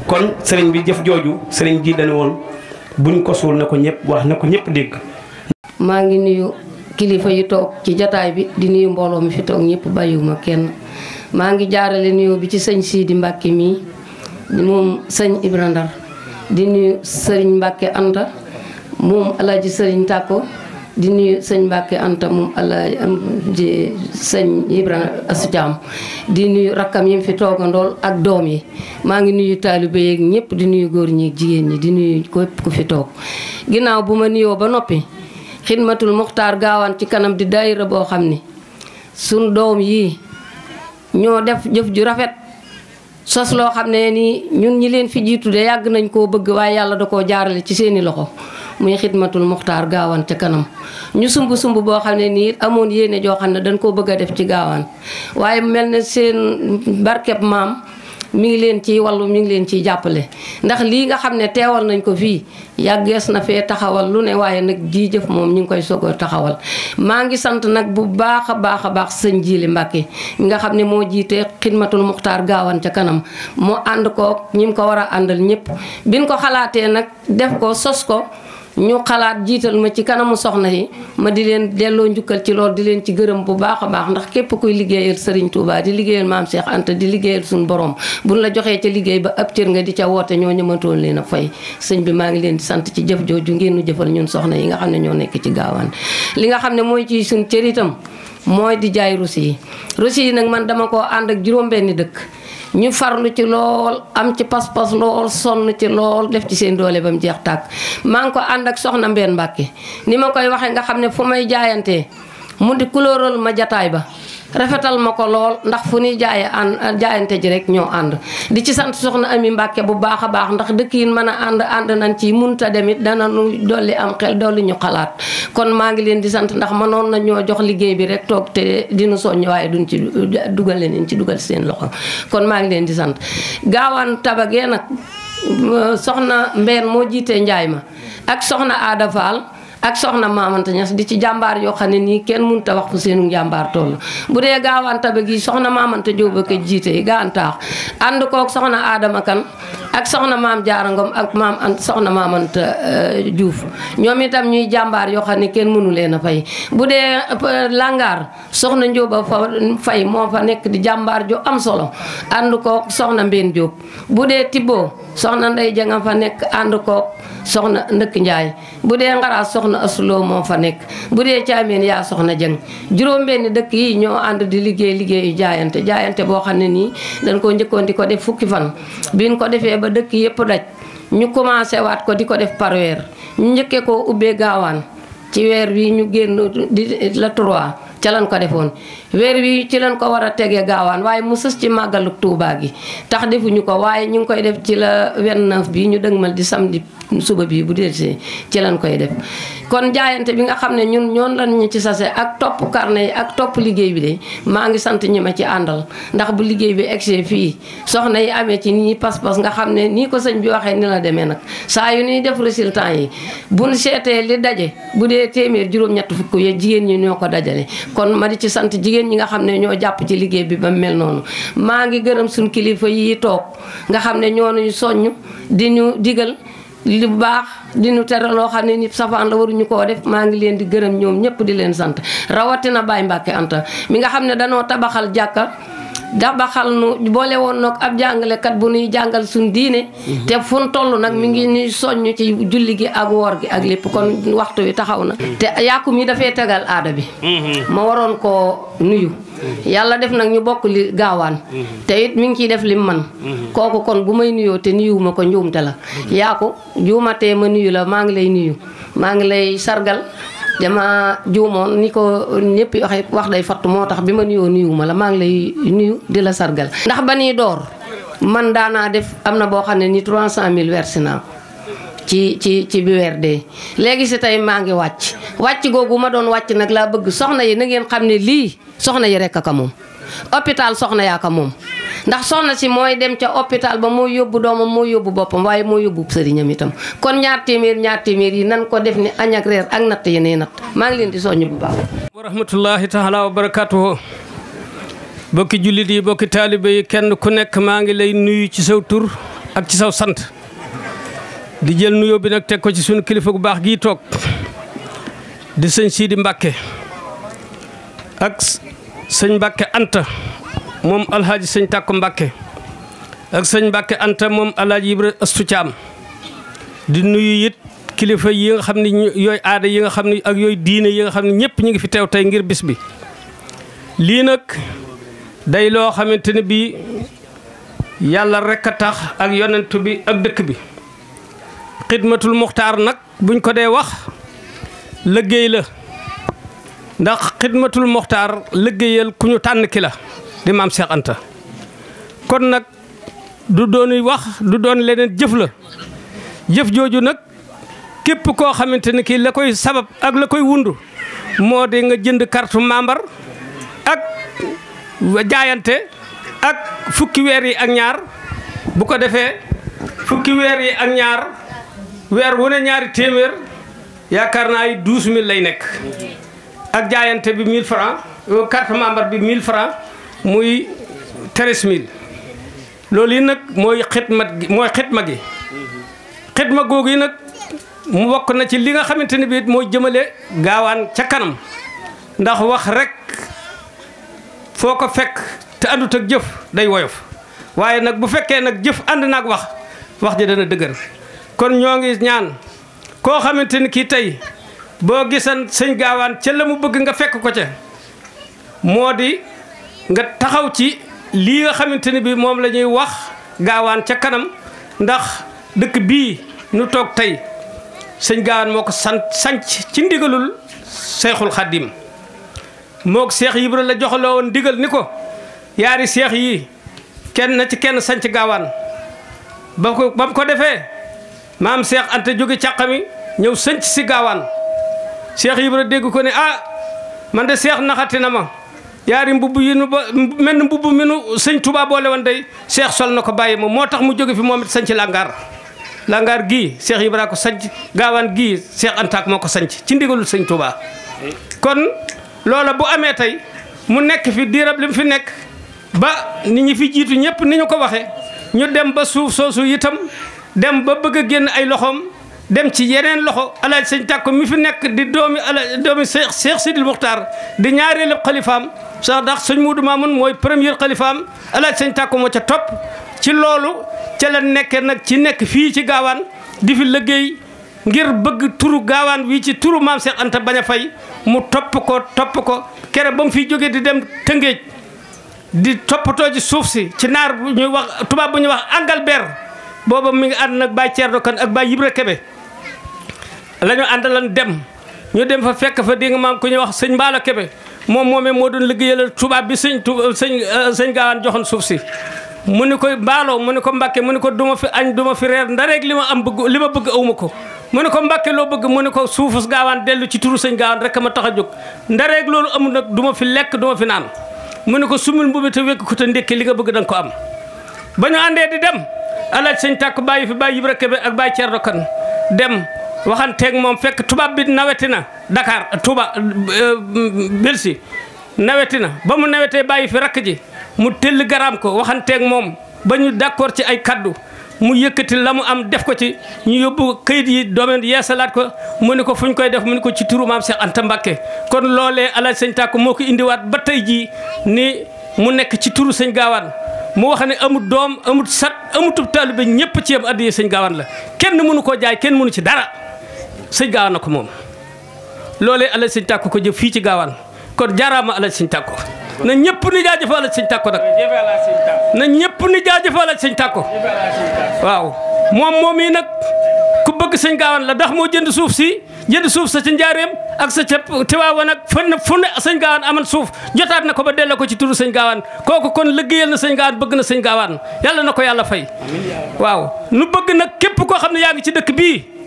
kon sëriñ bi jëf jooju sëriñ ji dañu woon buñ ko suul na ko ñëpp wax na ko ñëpp dégg. maa ngi nuyu kilifa yi toog ci jataay bi di nuyu mbooloo mi fi toog ñëpp bàyyiwuma kenn maa ngi jaarale nuyoo bi ci sëñ Sidi Mbacke mii moom sëñ Ibra Ndar di nuyu sëriñ Mbacke Anta moom Alaaji sëriñ Tàkko di nuyu sëñ Mbacke Anta moom allah am ji sëñ Ibrahima Assaou di nuyu rakkam yi mu fi toogandool ak doom yi maa ngi nuyu taalibe yeeg ñëpp di nuyu góor ñi jigéen ñi di nuyu képp fi toog. ginnaaw bu ma nuyoo ba noppi xidmatul muxtaar gaawaan ci kanam di daayira boo xam ni sunu doom yii ñoo def jëf ju rafet. sos loo xam ne nii ñun ñi leen fi jiitu de yàgg nañ koo bëgg waaye yàlla da koo jaarale ci seeni loxo. muy xidmatul muxtaar gaawaan ca kanam ñu sumb sumb boo xam ne nii amoon yéene joo xam ne dañ koo bëgg def ci gaawaan waaye mel ne seen barkeb maam mi ngi leen ciy wallu mi ngi leen ciy jàppale ndax lii nga xam ne teewal nañ ko fii yàggees na fee taxawal lu ne waaye nag jii moom ñu ngi koy soog taxawal maa ngi sant nag bu baax a baax a baax sëñ Jili Mbàkke mi nga xam ne moo jiite xidmatul muxtaar gaawan ca kanam moo ànd ko ñi mu ko war a àndal ñëpp biñ ko xalaatee nag def ko sos ko ñu xalaat jiital ma ci kanamu soxna yi ma di leen delloo njukkal ci loolu di leen ci gërëm bu baax a baax ndax képp kuy liggéeyal Serigne Touba di liggéeyal maam Cheikh ant di liggéeyal suñu borom bu buñ la joxee ca liggéey ba ab cër nga di ca woote ñoo ñëmantoon leen a fay sëñ bi maa ngi leen di sant ci jëf jooju ngeen nu jëfal ñun soxna yi nga xam ne ñoo nekk ci gaawaan li nga xam ne mooy ciy suñ cër itam mooy di jaay rusi yi rusi yi nag man dama ko ànd ak juróom-benni dëkk ñu farlu ci lool am ci pas-pas lool sonn ci lool def ci seen doole ba mu jeex tàkk maa ngi ko ànd ak soxna Mbène Mbàkke ni ma koy waxee nga xam ne fu may jaayantee mu di kulóoral ma jataay ba rafetal ma ko lool ndax fu ñuy jaaye an jaayante ji rek ñoo ànd di ci sant soxna Ami Mbàkke bu baax a baax ndax dëkk yi mën a ànd ànd nañ ci munta demit dana nu dolli am xel dolli ñu xalaat kon maa ngi leen di sant ndax mënoon na ñoo jox liggéey bi rek toog te dinu soññ waaye duñ ci dugal leen ci dugal seen loxo kon maa ngi leen di sant gaawaan tabagee nag soxna Mbeen moo jiitee njaay ma ak soxna Aada Faal ak soxna Maamanta Ñas di ci jàmbaar yoo xam ne nii kenn mënut a wax fu seenu jàmbaar toll bu dee gaawanta ba gi soxna Maamanta Jóob a ko jiite gaantaax ànd kook soxna Adama Kan ak soxna maam jaarangom ak maam an soxna maamanta euh, Diouf ñoom itam ñuy jàmbaar yoo xam ne kenn mënu leen a fay bu dee euh, langaar soxna Njóoba moo fa nekk di jàmbaar ju am solo ànd kook soxna Mbeen Jóob bu dee Tibo soxna Ndey Janga fa nekk ànd kook soxna Ndëkk Njaay bu dee Ngaraas soxna soxna asuloo moo fa nekk bu dee caameen yaa soxna jëng juróom benn dëkk yi ñoo ànd di liggéey liggéeyu jaayante jaayante boo xam ne nii dañ koo njëkkoon di ko def fukki fan biñ ko defee ba dëkk yëpp daj ñu commencé waat ko di ko def parweer weer ñu njëkkee koo ubbee gaawaan ci weer wi ñu génn di la trois ca lañ ko defoon weer wi ci lañ ko war a tegee gaawaan waaye mu sës ci màggalu Touba gi tax defuñu ko waaye ñu ngi koy def ci la 29 bi ñu dëgmal di samedi suba bii bu dee ci lañ koy def. kon jaayante bi nga xam ne ñun ñoon lan ñu ci sase ak topp carnet yi ak topp liggéey bi de maa ngi sant ñi ma ci àndal ndax bu liggéey bi egsee fii soxna yi amee ci nii pas-pas nga xam ne nii ko sëñ bi waxee ni la demee nag saa yu ñuy def résultat yi buñ seetee li daje bu dee téeméer juróom-ñett fukk yooyu jigéen ñi ñoo ko dajale kon ma di ci sant jigéen yéen ñi nga xam ne ñoo jàpp ci liggéey bi ba mel noonu maa ngi gërëm suñ kilifa yi toog nga xam ne ñoo ñu soññ di ñu digal li bu baax di ñu tere loo xam ne nit safaan la waruñu ko def maa ngi leen di gërëm ñoom ñëpp di leen sant rawatina Baye Mbacke Anta mi nga xam ne dañoo tabaxal jàkka dabaxal nu boole woon nag ab jàngalekat bu nuy jàngal suñ diine mhm. te fun toll nag mu ngi ñuy soññ ci julli gi ak woor gi ak lépp kon waxtu wi taxaw na mhm. te yàqu mi dafay tegal aada bi mhm. ma waroon koo nuyu yàlla def nag ñu bokk li gaawaan te it mi ngi ciy def lim man kooku kon bu may nuyoo te nuyuwuma ko njuumte la yaaku juumatee ma nuyu la maa ngi lay nuyu maa ngi lay sargal dama juumoon ni ko ñëpp waxee wax day fatt moo tax bi ma nuyoo nuyu ma la maa ngi lay nuyu di la sargal. ndax ba nii door man daanaa def am na boo xam ne ni 300000 versé naa ko ci ci ci bi weer léegi si tey maa ngi wàcc wàcc googu ma doon wàcc nag laa bëgg soxna yi na ngeen xam ne lii soxna yi rek a moom hôpital soxna yaa ka moom. ndax soxna si mooy dem ca hôpital ba moo yóbbu doomam mooy yóbbu boppam waaye mooy yóbbu sëriñam itam kon ñaar téeméer ñaar téeméer yi nan ko def ni añ ak reer ak natt yenee natt maa ngi leen di soññ bu baax wa rahmatullahi taala wa barakatuhu bokki jullit yi bokki taalibe kenn ku nekk maa ngi lay nuyu ci saw tur ak ci saw sant di jël nuyoo bi nag teg ko ci suñu kilifa gu baax gii toog di sëñ Sidi Mbacke ak sëñ Mbacke Anta moom alxaaji sëñ tàkku mbàkke ak sëñ mbàkke anta moom alxaaji ibra astu caam di nuyu it kilifa yi nga xam ne yooyu aada yi nga xam ne ak yooyu diine yi nga xam ne ñëpp ñu ngi fi teew tey ngir bis bi lii nag day loo xamante ne bii yàlla rekk a tax ak yonent bi ak dëkk bi xidmatul muxtaar nag buñ ko dee wax liggéey la ndax xidmatul muxtaar liggéeyal ku ñu tànn ki la di maam Cheikh kon nag du doon wax du doon leneen jëf la jëf jooju nag képp koo xamante ni kii la koy sabab ak la koy wundu moo di nga jënd kart membre ak jaayante ak fukki weer yi ak ñaar bu ko defee fukki weer yi ak ñaar weer wu ne ñaari téeméer yaakaar naa yi douze mille lay nekk ak jaayante bi mille francs carte membre bi mil francs muy treize loolu yi nag mooy xitmat gi mooy xitma gi xitma googu yi nag mu wokk na ci li nga xamante ne bii mooy jëmale gaawaan ca kanam ndax wax rek foo ko fekk te àndut ak jëf day woyof waaye nag bu fekkee nag jëf ànd naag wax wax ji dana dëgër kon ñoo ngi ñaan koo xamante ni kii tey boo gisan sëñ gaawaan ca la mu bëgg nga fekk ko ca moo di nga taxaw ci lii nga xamante ne bi moom lañuy wax gaawaan ca kanam ndax dëkk bii nu toog tey sëñ gaawaan moo ko sant sanc ci ndigalul seexul xaddim moog seex Ibra la joxaloo woon ndigal ni ko yaari seex yi kenn na ci kenn sanc gaawaan ba ko ba mu ko defee maam seex ante jóge càqami ñëw sanc si gaawaan seex Ibra dégg ko ni ah man de seex naxati na ma yaari mbubb yi nu ba mel ni mbubb mi nu sëñ Touba boole woon day seex sol na ko bàyyi ma moo tax mu jóge fi moom it sañc langaar langaar gi seex Ibra ko sañc gaawaan gi seex Antaak moo ko sañc ci ndigalul sëñ Touba. kon loola bu amee tey mu nekk fi diirab li mu fi nekk ba nit ñi fi jiitu ñëpp ni ñu ko waxee ñu dem ba suuf soosu itam dem ba bëgg a génn ay loxoom. dem ci yeneen loxo alaaj sëñ tàkko mi fi nekk di doomi ala doomi Cheikh Cheikh Sidil Muxtaar di ñaareelu xalifaam sa dax sëñ Muudu Maamun mooy premier xalifaam alaaj sëñ tàkko moo ca topp ci loolu ca la nekkee nag ci nekk fii ci gaawaan di fi liggéey ngir bëgg turu gaawaan wii ci turu maam Cheikh Anta bañ a fay mu topp ko topp ko kere ba mu fiy jógee di dem Tëngéej di toppatoo ci suuf si ci naar bu ñuy wax tubaab bu ñuy wax Angalbeer booba mi ngi ànd nag Baye Thierno Kane ak Baye Ibra la ñu àndalan dem ñu dem fa fekk fa dégg nga maam ku ñuy wax sëñ Mbaala Kebe moom moomee moo doon liggéeyal tubaab bi sëñ euh, sëñ euh, sëñ gaawaan joxoon suuf si mu ni ko mbaaloo mu ni ko mbàkke mu ni ko duma fi añ duma fi reer ndareeg li ma am bëgg li ma bëgg awma ko mu ni ko mbàkke loo bëgg mu ni ko suufu gaawaan dellu ci turu sëñ gaawaan rek ma tax a jóg ndareeg loolu amul nag duma fi lekk duma fi naan mu ni ko sumul mbubi te wékk ko te ndékki li nga bëgg da ko am ba àndee di dem alaaj sëñ tàkk bàyyi fi bàyyi Ibra Kebe ak bàyyi Cerno Kan waxanteeg moom fekk tubaab bi naweti na Dakar Touba euh, euh, Belsi naweti na ba mu nawetee bàyyi fi rakk ji mu tëll garaam ko waxanteeg moom ba ñu d'accord ci ay kaddu mu yëkkati la mu am def ko ci ñu yóbbu kayit yi domaine yeesalaat ko mu ni ko fu koy def mu ni ko ci turu maam Cheikh Anta Mbacké kon loolee alaaj sëñ tàkk moo ko indiwaat ba tey jii ni mu nekk ci turu sëñ gaawaan mu wax ne amut doom amut sat amutub taalibe ñëpp ci yem addiya sëñ gaawaan la kenn mënu koo jaay kenn mënu ci dara sëñ gaawaan na ko moom loolee alal sëñ tàkko ko jëf fii ci gaawaan kon jaaraama alal sëñ tàkko na ñëpp ni jaajëf alal sëñ tàkko nag na ñëpp ni jaajëf alal sëñ tàkko waaw moom moom yi nag ku bëgg sëñ gaawaan la dax moo jënd suuf si jënd suuf sa ci njaareem ak sa ca nag fën na fun sëñ gaawaan aman suuf jotaat na ko ba dee ko ci turu sëñ gaawaan kooku kon liggéeyal na sëñ gaawaan bëgg na sëñ gaawaan yàlla na ko yàlla fay waaw nu bëgg nag képp koo xam ne yaa ngi ci dëkk bii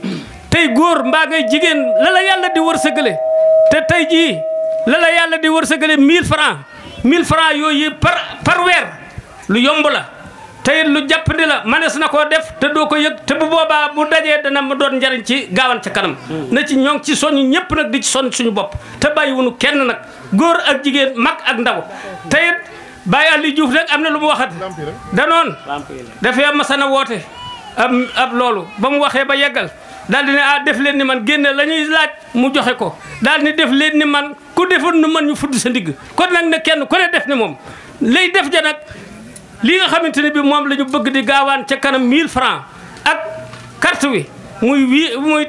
tey góor mbaa ngay jigéen la la yàlla di wërsëgale te tey jii la la yàlla di wërsëgale 1000 francs 1000 francs yooyu par par weer lu yomb la tey lu jàppandi la manees na koo def te doo ko yëg te bu boobaa bu dajee dana mu doon njariñ ci gaawan ci kanam hmm. na ci ñoo ngi ci soññ ñëpp nag di ci soñ suñu bopp te bàyyiwunu kenn nag góor ak jigéen mag ak ndaw tey Baye Aliou Diouf nag am na lu mu waxat danoon dafee masana woote am ab loolu ba mu waxee ba yeggal daal di ne ah, def leen ni man génne la ñuy laaj mu joxe ko daal ni def leen ni man ku defoon nu man ñu fudd sa ndigg kon nag na kenn ku ne def ni moom lay def ja nag li nga xamante ne bi moom la ñu bëgg di gaawaan ca kanam mille francs ak carte wi muy wi muy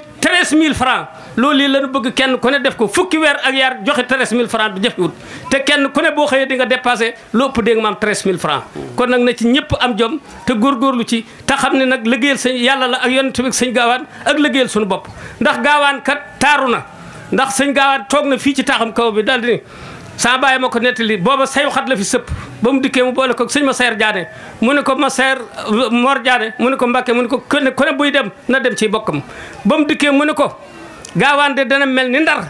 mille francs loolu yi lañu bëgg kenn ku ne def ko fukki weer ak yaar joxe treize mille francs bi jëfewut te kenn ku ne boo xëyee di nga dépassé lu ëpp dégg nga maam treize mille francs kon nag na ci ñëpp am jom te lu ci te ne nag liggéeyal sëñ yàlla la ak yonent bi sëñ gaawaan ak liggéeyal suñu bopp ndax gaawaan kat taaru na ndax sëñ gaawaan toog na fii ci taaxam kaw bi daal di saa bàyyi ma ko lii booba sey sayu xat la fi sëpp ba mu dikkee mu boole ko sëñ ma seer jaane mu ne ko ma seer mor jaane mu ne ko mbàkke mu ne ko ku ne buy dem na dem ci bokkam ba mu dikkee mu ne ko gaawaan de dana mel ni ndar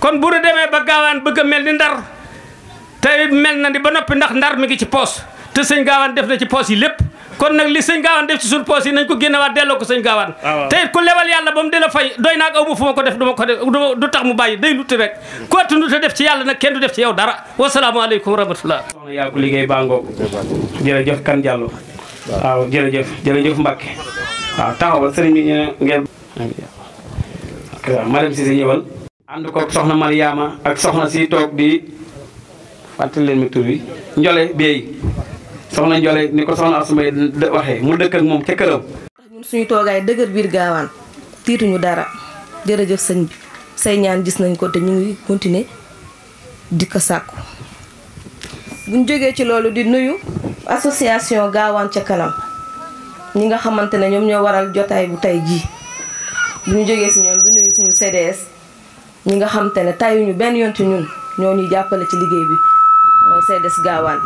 kon bu nu demee ba gaawaan bëgg a mel ni ndar te mel na ni ba noppi ndax ndar mi ngi ci poos te sëñ gaawaan def na ci poos yi lépp kon nag li sëñ gaawaan def ci suñu poos yi nañ ko génnewaat delloo ko sëñ gaawaan ah, te it ku yàlla ba mu di la fay doy naag aw ma fu ma ko def du ma tax mu bàyyi day nuti rek koo tunu te def ci yàlla nag kenn du def ci yow dara wasalaamaaleykum wa rahmatullah soxna yaa liggéey bàngoo jërëjëf kan jàllo waaw jërëjëf jërëjëf Mbacke waaw madame Cissé ñëwal. ànd ko soxna Mariama ak soxna si toog bi fàttali leen mi tur bi Njole Bey soxna Njole ni ko soxna Asumay waxee mu dëkk moom ca këram. ñun suñu toogaay dëgër biir gaawaan tiituñu dara jërëjëf sëñ say ñaan gis nañ ko te ñu ngi continuer di ko sàkku. buñ jógee ci loolu di nuyu association gaawaan ca kanam ñi nga xamante ne ñoom ñoo waral jotaay bu tay jii bu jógee si CDS ñi nga xam ne tayuñu benn yoon ci ñun ñoo ñuy jàppale ci liggéey bi mooy CDS gaawaan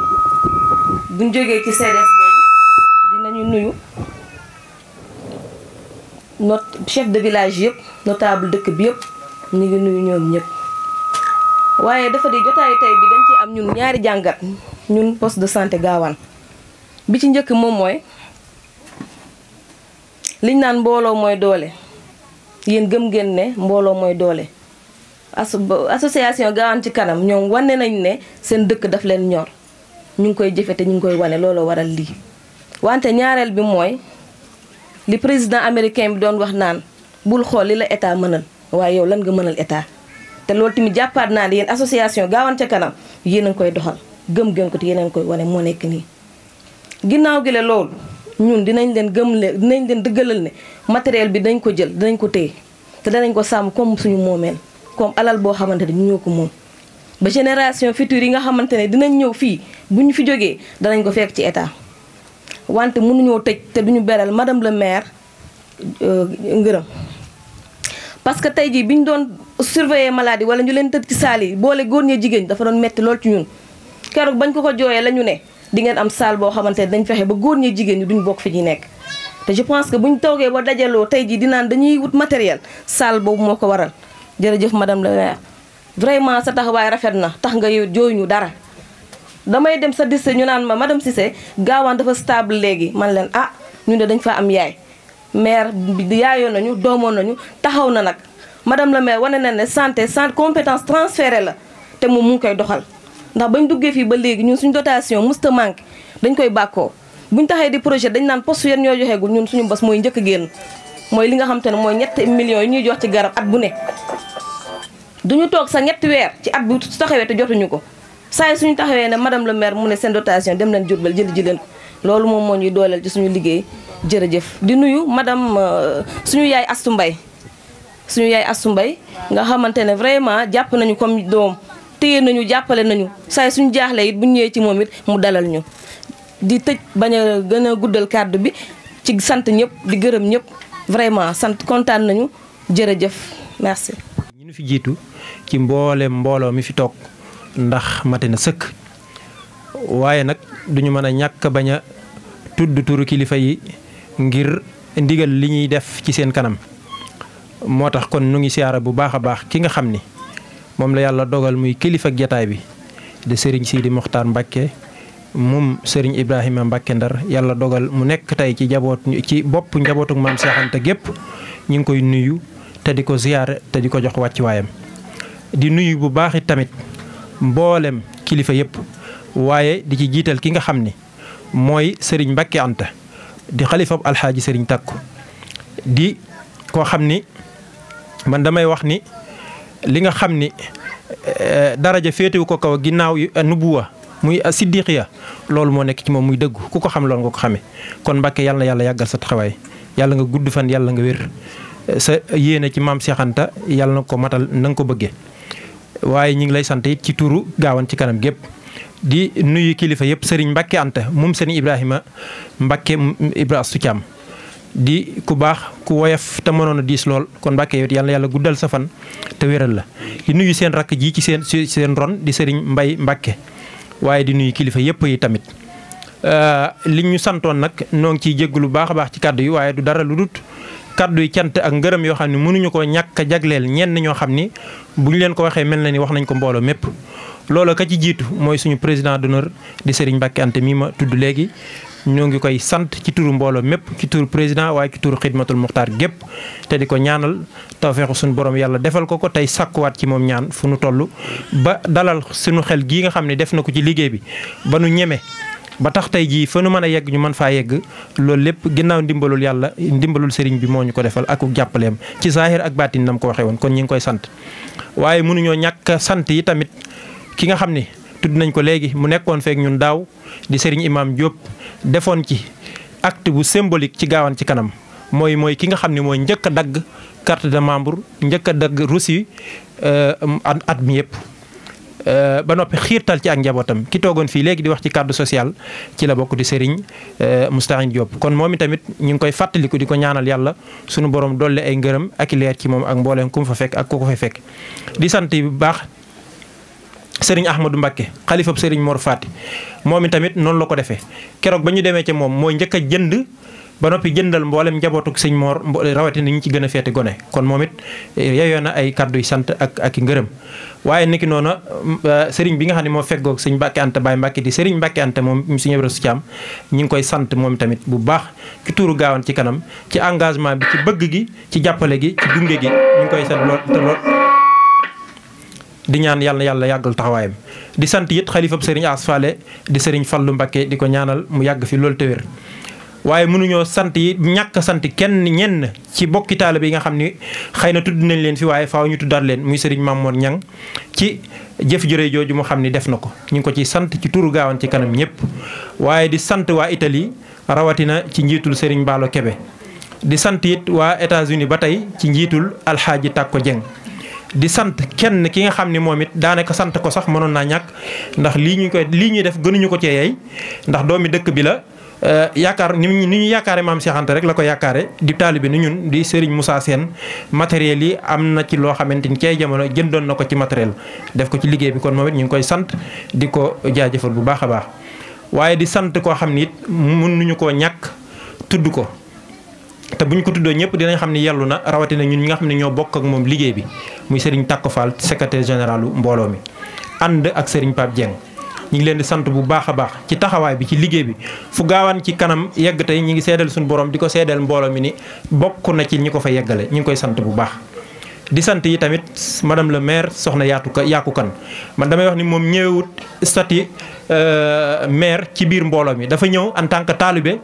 buñ jógee ci CDS boobu dinañu nuyu not chef de village yëpp notable dëkk bi yëpp ñu ngi nuyu ñoom ñëpp waaye dafa di jotaayu tey bi dañ ci am ñun ñaari jàngat ñun poste de santé gaawaan bi ci njëkk moom mooy liñ naan mbooloo mooy doole yéen gëm ngeen ne mbooloo mooy doole. aso association Gawane ci kanam ñoom wane nañ ne seen dëkk daf leen ñor ñu ngi koy jëfe te ñu ngi koy wane looloo waral lii. wante ñaareel bi mooy li président américain bi doon wax naan bul xool li la état mënal waaye yow lan nga mënal état. te loolu tamit jàppaat naa ne yéen association Gawane ca kanam yéen a koy doxal gëm gën ko te yéen koy wane moo nekk nii. ginnaaw gi la loolu ñun dinañ leen gëm leen dinañ leen dëggalal ne matériel bi dañ ko jël danañ ko téye te danañ ko sàmm comme suñu moomeel comme alal boo xamante ne ñu ñoo ko moom. ba génération future yi nga xamante ne dinañ ñëw fii bu ñu fi jógee danañ ko fekk ci état wante mënuñoo tëj te du ñu beral madame la maire euh, ngërëm. parce que tey jii bi ñu doon surveiller maladie wala ñu leen tëj ci saal yi boole góor ñee jigéen dafa doon metti loolu ci ñun keroog bañ ko ko jooyee la ñu ne di ngeen am saal boo xamante ne dañ fexe ba góor ñee jigéen ñi duñ bokk fi ñuy nekk. te je pense que bu ñu toogee ba dajaloo tey jii dinaan dañuy wut matériel salle boobu moo ko waral jërëjëf madame la maire vraiment sa taxawaay rafet na tax nga yow jooy ñu dara damay dem sa district ñu naan ma madame se gaawaan dafa stable léegi man leen ah ñu ne dañ fa am yaay maire yaayoo nañu doomoon nañu taxaw na nag madame la maire wane na ne santé sans compétence transférée la te moom mu ngi koy doxal ndax bañ duggee fii ba léegi ñun suñ dotation musta manqué dañ koy bàkkoo buñ taxee di projet dañ naan post yéen ñoo joxeegul ñun suñu bos mooy njëkk a génn mooy li nga xam ne mooy ñetti millions yi ñuy jox ci garab at bu ne duñu toog sa ñetti weer ci at bu taxawee te jotuñu ko saa yi suñu taxawee ne madame le maire mu ne seen dotation dem leen Diourbel jënd ji leen ko loolu moom moo ñuy dooleel ci suñu liggéey jërëjëf di nuyu madame euh, suñu yaay Astou Mbaye suñu yaay astu mbay nga xamante ne vraiment jàpp nañu comme doom téye nañu jàppale nañu saa yi suñu jaaxlee bu ñu ñëwee ci moom it mu dalal ñu di tëj bañ a gën a guddal kàddu bi ci sant ñëpp di gërëm ñëpp vraiment sant kontaan nañu jërëjëf merci. ñu nu fi jiitu ci mboolem mbooloo mi fi toog ndax mate na sëkk waaye nag duñu mën a ñàkk bañ a tudd turu kilifa yi ngir ndigal li ñuy def ci seen kanam moo tax kon nu ngi siyaara bu baax a baax ki nga xam ni moom la yàlla dogal muy kilifa jataay bi de Serigne di Mokhtar Mbacke. moom Serigne Ibrahima Mbacke Ndar yàlla dogal mu nekk tey ci jaboot ci bopp njabootuk maam Cheikh Anta gépp ñu ngi koy nuyu te di ko ziyaare te di ko jox waayam di nuyu bu baax tamit mbooleem kilifa yëpp waaye di ci jiital ki nga xam ni mooy Serigne Mbacke Anta di xalifab alxaaji sëriñ Takku di koo xam ni man damay wax ni li nga xam ni eh, daraja féetewu ko kaw ginnaaw eh, nubuwa muy siddiqiya loolu moo nekk ci moom muy déggu ku ko xam loolu nga ko xamee kon Mbàkke yàlla na yàlla yàggal sa taxawaay yàlla nga gudd fan yàlla nga wér sa yéene ci maam Cheikh Anta yàlla na ko matal nanga ko bëggee waaye ñu ngi lay sant it ci turu gaawan ci kanam gépp di nuyu kilifa yëpp sëriñ Mbàkke Anta moom sëriñ Ibrahima Mbàkke Ibra Astu Caam di ku baax ku woyof te mënoon a diis lool kon Mbàkke yow yàlla guddal sa fan te wéral la di nuyu seen rakk ji ci seen seen ron di sëriñ Mbay Mbàkke waaye di nuy kilifa yëpp yi tamit euh, li ñu santoon nag noo ngi ciy jégg lu baax a baax ci kàddu yi waaye du dara lu dut kàddu yi cant ak ngërëm yoo xam ne mënuñu ko ñàkk jagleel ñenn ñoo xam ni bu ñu leen ko waxee mel na ni wax nañ ko mbooloo mépp loola ka ci jiitu mooy suñu président d'honneur di Serigne Mbacke Anta mii ma tudd léegi ñoo ngi koy sant ci turu mbooloo mépp ci turu président waaye ci turu xidmatul muxtaar gépp te di ko ñaanal tawfeexu suñu borom yàlla defal ko ko tey sàkkuwaat ci moom ñaan fu nu toll ba dalal suñu xel gii nga xam ne def na ko ci liggéey bi ba nu ñeme ba tax tey jii fa nu mën a yegg ñu man faa yegg loolu lépp ginnaaw ndimbalul yàlla ndimbalul sëriñ bi moo ñu ko defal ak jàppaleem ci saahir ak baatin nam ko waxee woon kon ñu ngi koy sant waaye mënuñoo ñàkk sant yi tamit ki nga xam ne tudd nañ ko léegi mu nekkoon feek ñun daaw di sëriñ imam Diop defoon ci act bu symbolique ci gaawaan ci kanam mooy mooy ki nga xam ne mooy njëkk a dagg carte de membre njëkk a dagg Russie euh, at mi yëpp. Euh, ba noppi xiirtal ci ak njabootam ki toogoon fii léegi di wax ci cadre social ci la bokk di Serigne euh, Moustahine Diop kon moom itamit ñu ngi koy fàttaliku di ko ñaanal yàlla sunu borom dolle ay ngërëm ak i leer ci moom ak mbooleen ku fa fekk ak ku ko fa fekk di sant bu baax. sëriñ Ahmadou Mbakke xalifab sëriñ Mor Fati moom itamit noonu la ko defee keroog ba ñu demee ca moom mooy njëkk a jënd ba noppi jëndal mboolem njabootuk sëñ Mor rawatina ñu ci gën a feeti gone kon moom it eh, yeyoo na ay kàddu yu sant ak ak i ngërëm. waaye niki noonu eh, sëriñ bi nga xam ne moo feggoog sëñ Mbacke Anta Baye Mbacke di sëriñ Mbacke Anta moom suñu Ibrahima Thiam ñi ngi koy sant moom tamit bu baax ci tuuru gaawan ci kanam ci engagement bi ci bëgg gi ci jàppale gi gunge gi di ñaan yàlla yàlla yàggal taxawaayam di sant it xalifab sëriñ Asfale di sëriñ Fallu Mbakke di ko ñaanal mu yàgg fi loolu te waaye mënuñoo sant yi ñàkk sant kenn ñenn ci bokki taalibe yi nga xam ni xëy na tudd nañ leen fi waaye faaw ñu tuddaat leen muy sëriñ Mamour Niang ci jëf jëre jooju mu xam ni def na ko ñu ngi ko ciy sant ci turu gaawan ci kanam ñëpp waaye di sant waa Italie rawatina ci njiitul sëriñ Mballo Kebe di sant it waa états ba tey ci njiitul alxaaji Tàkko Jeng di sant kenn ki nga xam ne moom it daanaka sant ko sax mënoon naa ñàkk ndax lii ñu koy lii ñuy def gënuñu ko cee yey ndax doomi dëkk bi la. Euh, yaakaar ni ñu ni ñu yaakaare maam Cheikh Anta rek la ko yaakaare di taalibe ni ñun di Serigne Moussa Sène matériel yi am na ci loo xamante ni cay jamono jëndoon na ko ci matériel def ko ci liggéey bi kon moom ñu ngi koy sant di ko jaajëfal bu baax a baax waaye di sant koo xam ni it mënuñu ko ñàkk tudd ko te buñ ko tuddoo ñëpp dinañ xam ne yàllu na rawatina ñun ñi nga xam ne ñoo bokk ak moom liggéey bi muy Serigne Takko Fall secrétaire général mbooloo mi ànd ak Serigne Pape Dieng ñu ngi leen di sant bu baax a baax ci taxawaay bi ci liggéey bi fu gaawaan ci kanam yegg tey ñu ngi seedal suñu borom di ko seedal mbooloo mi ni bokk na ci ñi ko fa yeggale ñu ngi koy sant bu baax. di sant yi tamit madame le maire soxna yaatu ka yaaku kan man damay wax ni moom ñëwut statut euh, maire ci biir mbooloo mi dafa ñëw en tant que taalibe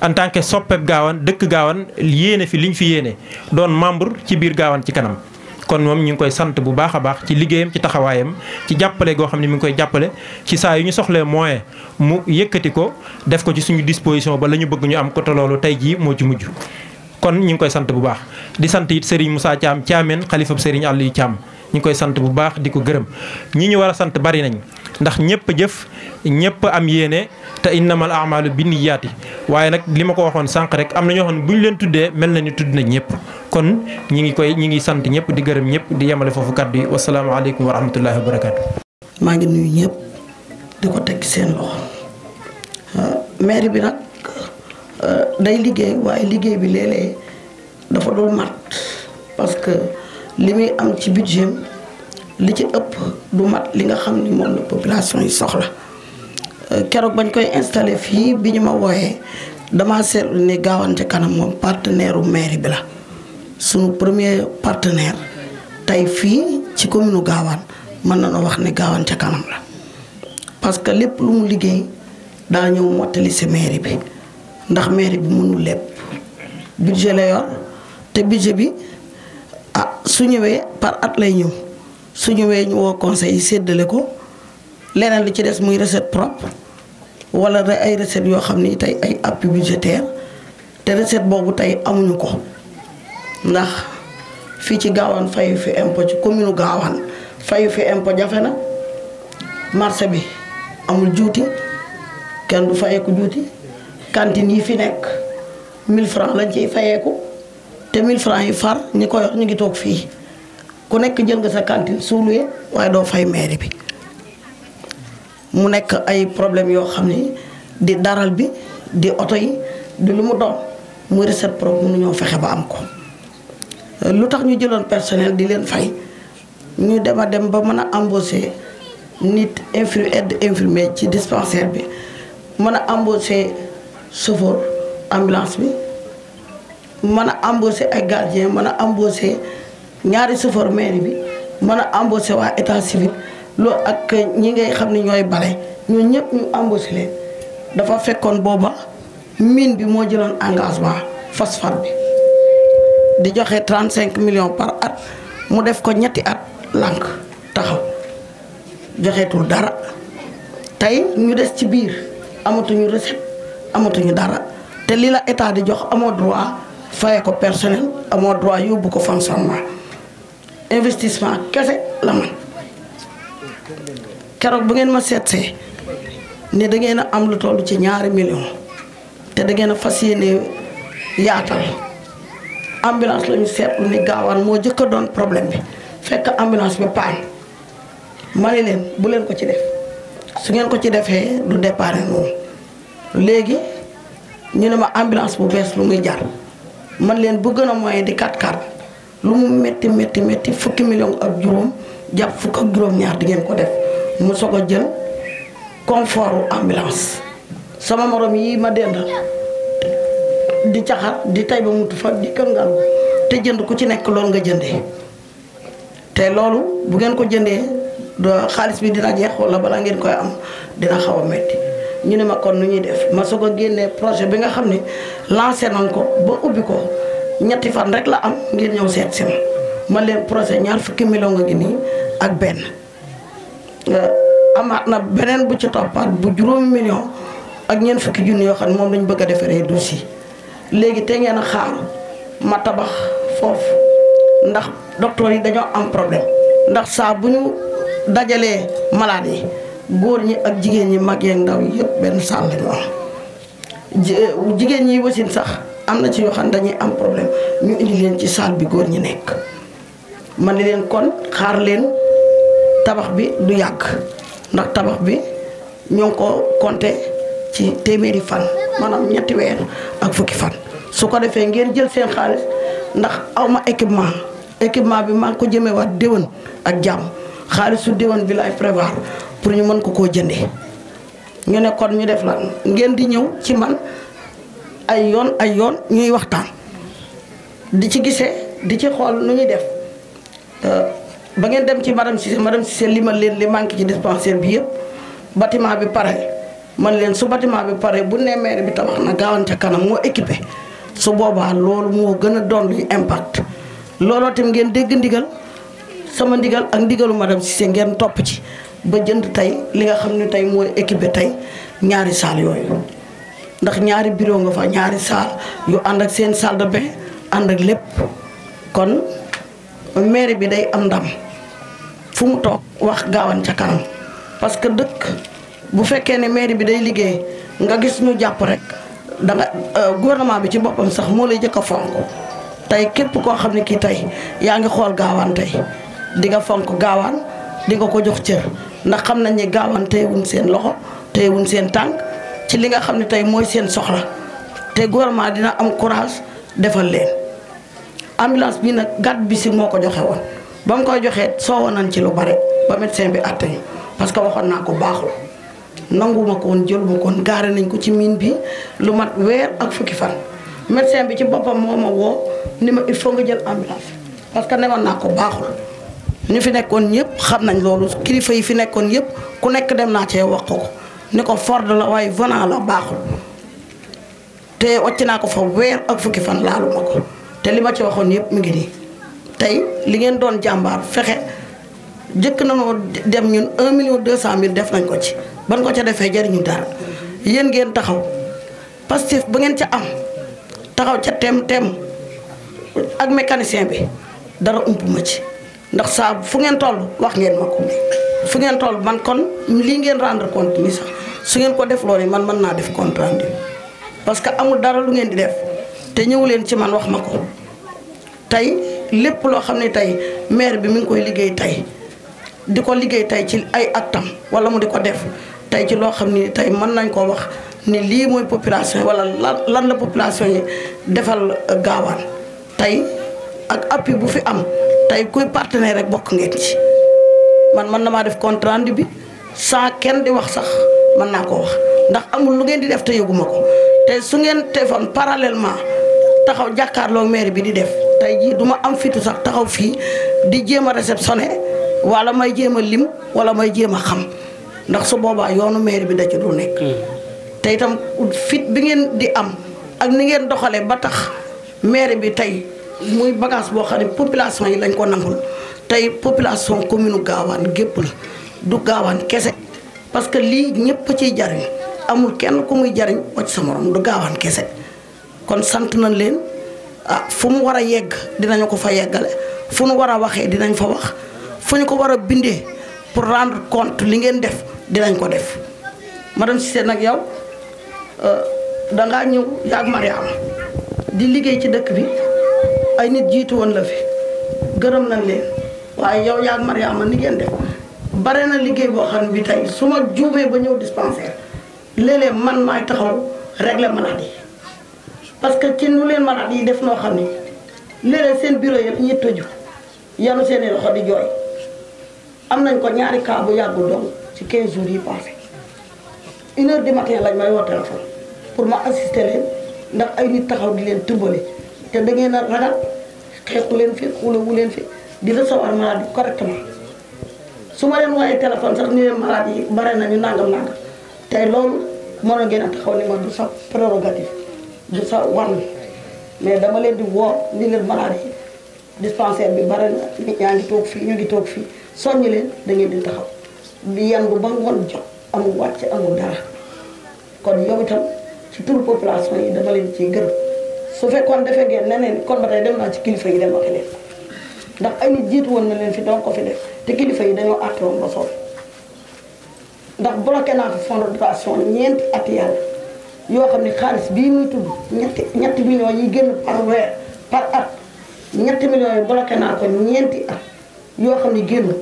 en tant que soppeb gaawan dëkk gaawan yéene fi liñ fi yéene doon membre ci biir gaawan ci kanam. kon moom ñu ngi koy sant bu baax a baax ci liggéeyam ci taxawaayam ci jàppale goo xam ne mi ngi koy jàppale ci saa yu ñu soxlee moyen mu yëkkati ko def ko ci suñu disposition ba la ñu bëgg ñu am ko te loolu tey jii moo ci mujj kon ñu ngi koy sant bu baax di sant it Serigne Moussa Thiam Thiamène xalifab Serigne Aliou Thiam ñu ngi koy sant bu baax di ko gërëm ñi ñu war a sant bari nañ ndax ñëpp jëf ñëpp am yéene te innamal amalu bi niyaati waaye nag li ma ko waxoon sànq rek am na ñoo xam ne bu ñu leen tuddee mel na ni tudd nañ ñëpp kon ñi ngi koy ñi ngi sant ñëpp di gërëm ñëpp di yemale foofu kàddu yi wasalaamaaleykum wa rahmatullahi wa barakaatu. maa ngi nuyu ñëpp di ko teg seen loxo euh, maire bi nag euh, day liggéey waaye liggéey bi léeg-léeg dafa dul mat parce que li muy am ci budget li ci ëpp du mat li nga xam ni moom na population yi soxla euh, keroog bañ koy installé fii bi ñu ma wooyee dama seetlu ni Gawane ca kanam moom partenaire u mairie bi la suñu premier partenaire tey fii ci commune gaawaan mën na nañoo wax ne Gawane ca kanam la parce que lépp lu mu liggéey daa ñëw mottali si mairie bi ndax mairie bi mënul lépp budget la yor te budget bi ah su ñëwee par at lay ñëw suñu ñëwee ñu woo conseil yi séddale ko leneen li ci des muy recette propre wala ay recette yoo xam ni tey ay appui budgétaire te recette boobu tey amuñu ko ndax fii ci gaawaan fayu fi impôt ci commune gaawaan fayu fi impôt jafe na marché bi amul juuti kenn du fayeeku juuti cantine yi fi nekk 1000 francs lañ ciy fayeeku te mille francs yi far ñi ko yor ñu ngi toog fii ku nekk jël nga sa cantine suuluye waaye doo fay mairie bi mu nekk ay problème yoo xam ne di daral bi di oto yi di lu mu doon muy recette propre mënu ñoo fexe ba am ko lu tax ñu jëloon personnel di leen fay ñu dem a dem ba mën a embaucher nit infirmier aide infirmier ci dispensaire bi mën a embaucher chauffeur ambulance bi mën a embaucher ay gardien mën a embaucher ñaari chauffeur mairie bi mën a embauché waa état civil loolu ak ñi ngay xam ne ñooy bale ñoo ñëpp ñu embauché leen dafa fekkoon booba miin bi moo jëloon engagement phosphate bi di joxe cinq millions par at mu def ko ñetti at lànk taxaw joxeetul dara tey ñu des ci biir amatuñu recette amatuñu dara te lii la état di jox amoo droit faye ko personnel amoo droit yóbbu ko fonctionnement investissement kese la man keroog bu ngeen ma seetsee ni da ngeen am lu toll ci ñaari million te da ngeen a fas yéene yaatal ambulance la seet seetlu ni gaawaan moo jëkk a doon problème bi fekk ambulance bi paan ma ne leen bu leen ko ci def su ngeen ko ci defee du départ noonu léegi ñu ne ma ambulance bu bees lu muy jar man leen bu gën a moyen di 4 x lu mu métti métti métti fukki million ak juróom jàpp fukk ak juróom-ñaar di ngeen ko def mu soog a jël confort ambulance sama moroom yi ma dendal di caxar di tay ba mutu fa di kër ngal te jënd ku ci nekk loolu nga jëndee te loolu bu ngeen ko jëndee xaalis bi dina jeex wala balaa ngeen koy am dina xaw a métti ñu ne ma kon nu ñuy def ma soog a génnee projet bi nga xam ne lancé nañ ko ba ubbi ko. ñetti fan rek la am ngir ñëw seet si ma man leen projet ñaar fukki million nga ngi ak benn eh, amaat na beneen bu ci toppaat bu juróomi million ak ñeent fukki junni yoo xam ne moom lañ bëgg a defaree dossier léegi te ngeen a xaar ma tabax foofu ndax docteur yi dañoo am problème ndax saa bu ñu dajalee malade yi góor ñi ak jigéen ñi mag yeeg ndaw yëpp benn salle lañu jigéen ñi wasin sax am na ci yoo xam ne dañuy am problème ñu indi leen ci salle bi góor ñi nekk man ne leen kon xaar leen tabax bi du yàgg ndax tabax bi ñoo ngi ko compté ci téeméeri fan maanaam ñetti weer ak fukki fan su ko defee ngeen jël seen xaalis ndax awma équipement équipement bi maa ngi ko jëmewaat déwén ak jàmm xaalis su déwén bi lay prévoir pour ñu mën ko koo jëndee ñu ne kon ñu def la ngeen di ñëw ci man ay yoon ay yoon ñuy waxtaan di ci gisee di ci xool nu ñuy def ba ngeen dem ci madame Cissé madame Cissé limal leen li manqué ci dispensaire bi yëpp bâtiment bi pare man leen su bâtiment bi pare bu ne maire bi tabax na gaawan ca kanam moo équipé su boobaa loolu moo gën a doon luy impact looloo tam ngeen dégg ndigal sama ndigal ak ndigalu madame Cissé ngeen topp ci ba jënd tey li nga xam ne tey mooy équipé tey ñaari salle yooyu ndax ñaari bureau nga fa ñaari salle yu ànd ak seen salle de ànd ak lépp kon maire bi day am ndam fu mu toog wax gaawan ca parce que dëkk bu fekkee ne maire bi day liggéey nga gis ñu jàpp rek danga euh, gouvernement bi ci boppam sax moo lay jëkk a fonk tey képp koo xam ne kii tey yaa ngi xool gaawaan tey di nga fonk gaawaan di nga ko jox cër ndax xam nañ ne gaawaan tey wuñ seen loxo tey wuñ seen tànk ci li nga xam ne tey mooy seen soxla te gouvernement dina am courage defal leen ambulance bii nag gàtt bi si moo ko joxe woon ba mu koy joxee soowoon nañ ci lu bare ba médecin bi atte parce que waxoon naa ko baaxul nanguma ko woon jëluma ko woon gaare nañ ko ci miin bi lu mat weer ak fukki fan médecin bi ci boppam moo ma woo ni ma il faut nga jël ambulance newoon naa ko baaxul ñu fi nekkoon ñëpp xam nañ loolu kilifa yi fi nekkoon yëpp ku nekk dem naa cee wax ko ni ko Ford la waaye venant la baaxul te wàcc naa ko fa weer ak fukki fan laalu ma ko te li ma ci waxoon yëpp mu ngi nii tey li ngeen doon jàmbaar fexe jëkk nañoo dem ñun un million deux cent mille def nañ ko ci ban ko ca defee jariñu dara yéen ngeen taxaw Pastef bu ngeen ca am taxaw ca tem tem ak mécanicien bi dara ump ma ci ndax saa fu ngeen toll wax ngeen ma ko fu ngeen toll man kon lii ngeen rendre compte su ngeen ko def loo ne man mën naa def compte parce que amul dara lu ngeen di def te ñëw leen ci man wax ma ko tey lépp loo xam ne tey maire bi mi ngi koy liggéey tey di ko liggéey tey ci ay attam wala mu di ko def tey ci loo xam ni tey mën nañ koo wax ni lii mooy population wala lan la population yi defal gaawaan tey ak appui bu fi am tey kuy partenaire rek bokk ngeen ci man mën na maa def compte bi sans kenn di wax sax mën naa koo wax ndax amul lu ngeen di def te yëguma ko te su ngeen tefoon parallèlement taxaw jàkkaarloo maire bi di def tey jii duma am fitu sax taxaw fii di jéem a réceptionné wala may jéem a lim wala may jéem a xam ndax su boobaa yoonu maire bi da ci du nekk hmm. te itam fit bi ngeen di am ak ni ngeen doxalee ba tax maire bi tey muy bagage boo xam ne population yi lañ ko nangul tey population commune gaawaan gépp la du gaawaan kese parce que lii ñëpp ciy jariñ amul kenn ku muy jariñ wacc sa morom du gaawaan kese kon sant nañ leen ah fu mu war a yegg dinañu ko fa yeggale fu nu war a waxee dinañ fa wax fu ñu ko war a bindee pour rendre compte li ngeen def dinañ ko def si seen euh, ak yow dangaa ñëw yaag Mariama di liggéey ci dëkk bi ay nit jiitu woon la fi gërëm nañ leen waaye yow yaa Mariama ni ngeen def bare na liggéey boo xam ne bi tey su ma juumee ba ñëw dispensaire léeg man maay taxaw régler malade yi parce que ci nu leen malade yi def noo xam ni léeg seen bureau yëpp ñi tëju yanu seen i loxo di jooy am nañ ko ñaari cas bu yàggul dong ci 15 jours yi passé une heure du lañ may woo téléphone pour ma assister leen ndax ay nit taxaw di leen tumbale te da ngeen ragal xeexu leen fi xulewu leen fi di recevoir malade bi correctement su ma leen téléphone sax ni leen malade yi bare na ñu nangam nangam tey loolu mënoon ngeen a taxaw ni ma du sa prérogative du sa wan mais dama leen di woo ni leen malade yi dispensaire bi bare na nit ñaa ngi toog fii ñu ngi toog fii soññi leen da di taxaw di bu ba ngoon jot amul wàcc amul dara kon yow itam ci turu population yi dama leen ci gërëm su fekkoon defe ngeen neneen kon ba tey dem naa ci kilifa yi dem waxi leen ndax ay nit jiitu woon na leen fi doon ko fi def te kilifa yi dañoo àtte woon ba soob ndax bloqué naa fi fond de pension ñeenti at yàlla yoo xam ne xaalis bii muy tudd ñetti ñetti millions yi génn par weer par at ñetti million yi bloqué naa ko ñeenti at yoo xam ne génn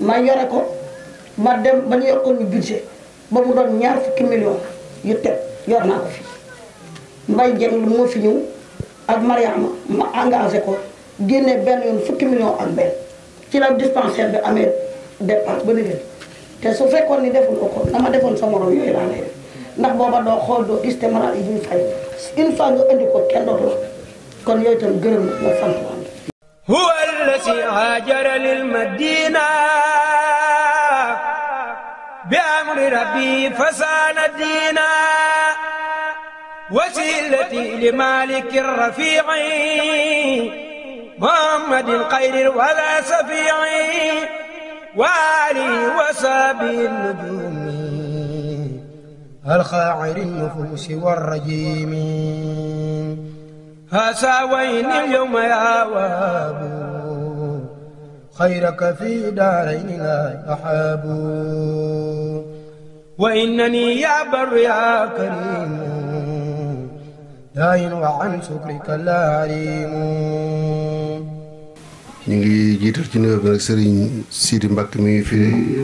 ma yore ko ma dem ba ñu yokkoon ñu budget ba mu doon ñaar fukki millions yu teg yor naa ko fi mbay jeng lu moo fi ñëw ak Mariama ma ko génne benn yoon fukki million ak benn ci la dispensaire bi amee dépense ba léegi te su fekkoon ni deful ko ko na ma defoon sa morom yooyu laa lay ndax booba doo xool doo gis te mënaat yi duñ fay une fois nga indi ko kenn dootu la kon yooyu itam gërëm na nga sant waan. huwa lil madina bi amri rabbi fasana diina وسيلتي لمالك الرفيع محمد الخير ولا سفيع والي وصحبه النجوم الخاعر النفوس والرجيم هسا وين اليوم يا وابو خيرك في دارين لا أحاب وإنني يا بر يا كريم daayin wa an sukrika laalimu ñu ngi jiital ci nuyoo bi nag sëriñ siiti Mbacke mi fi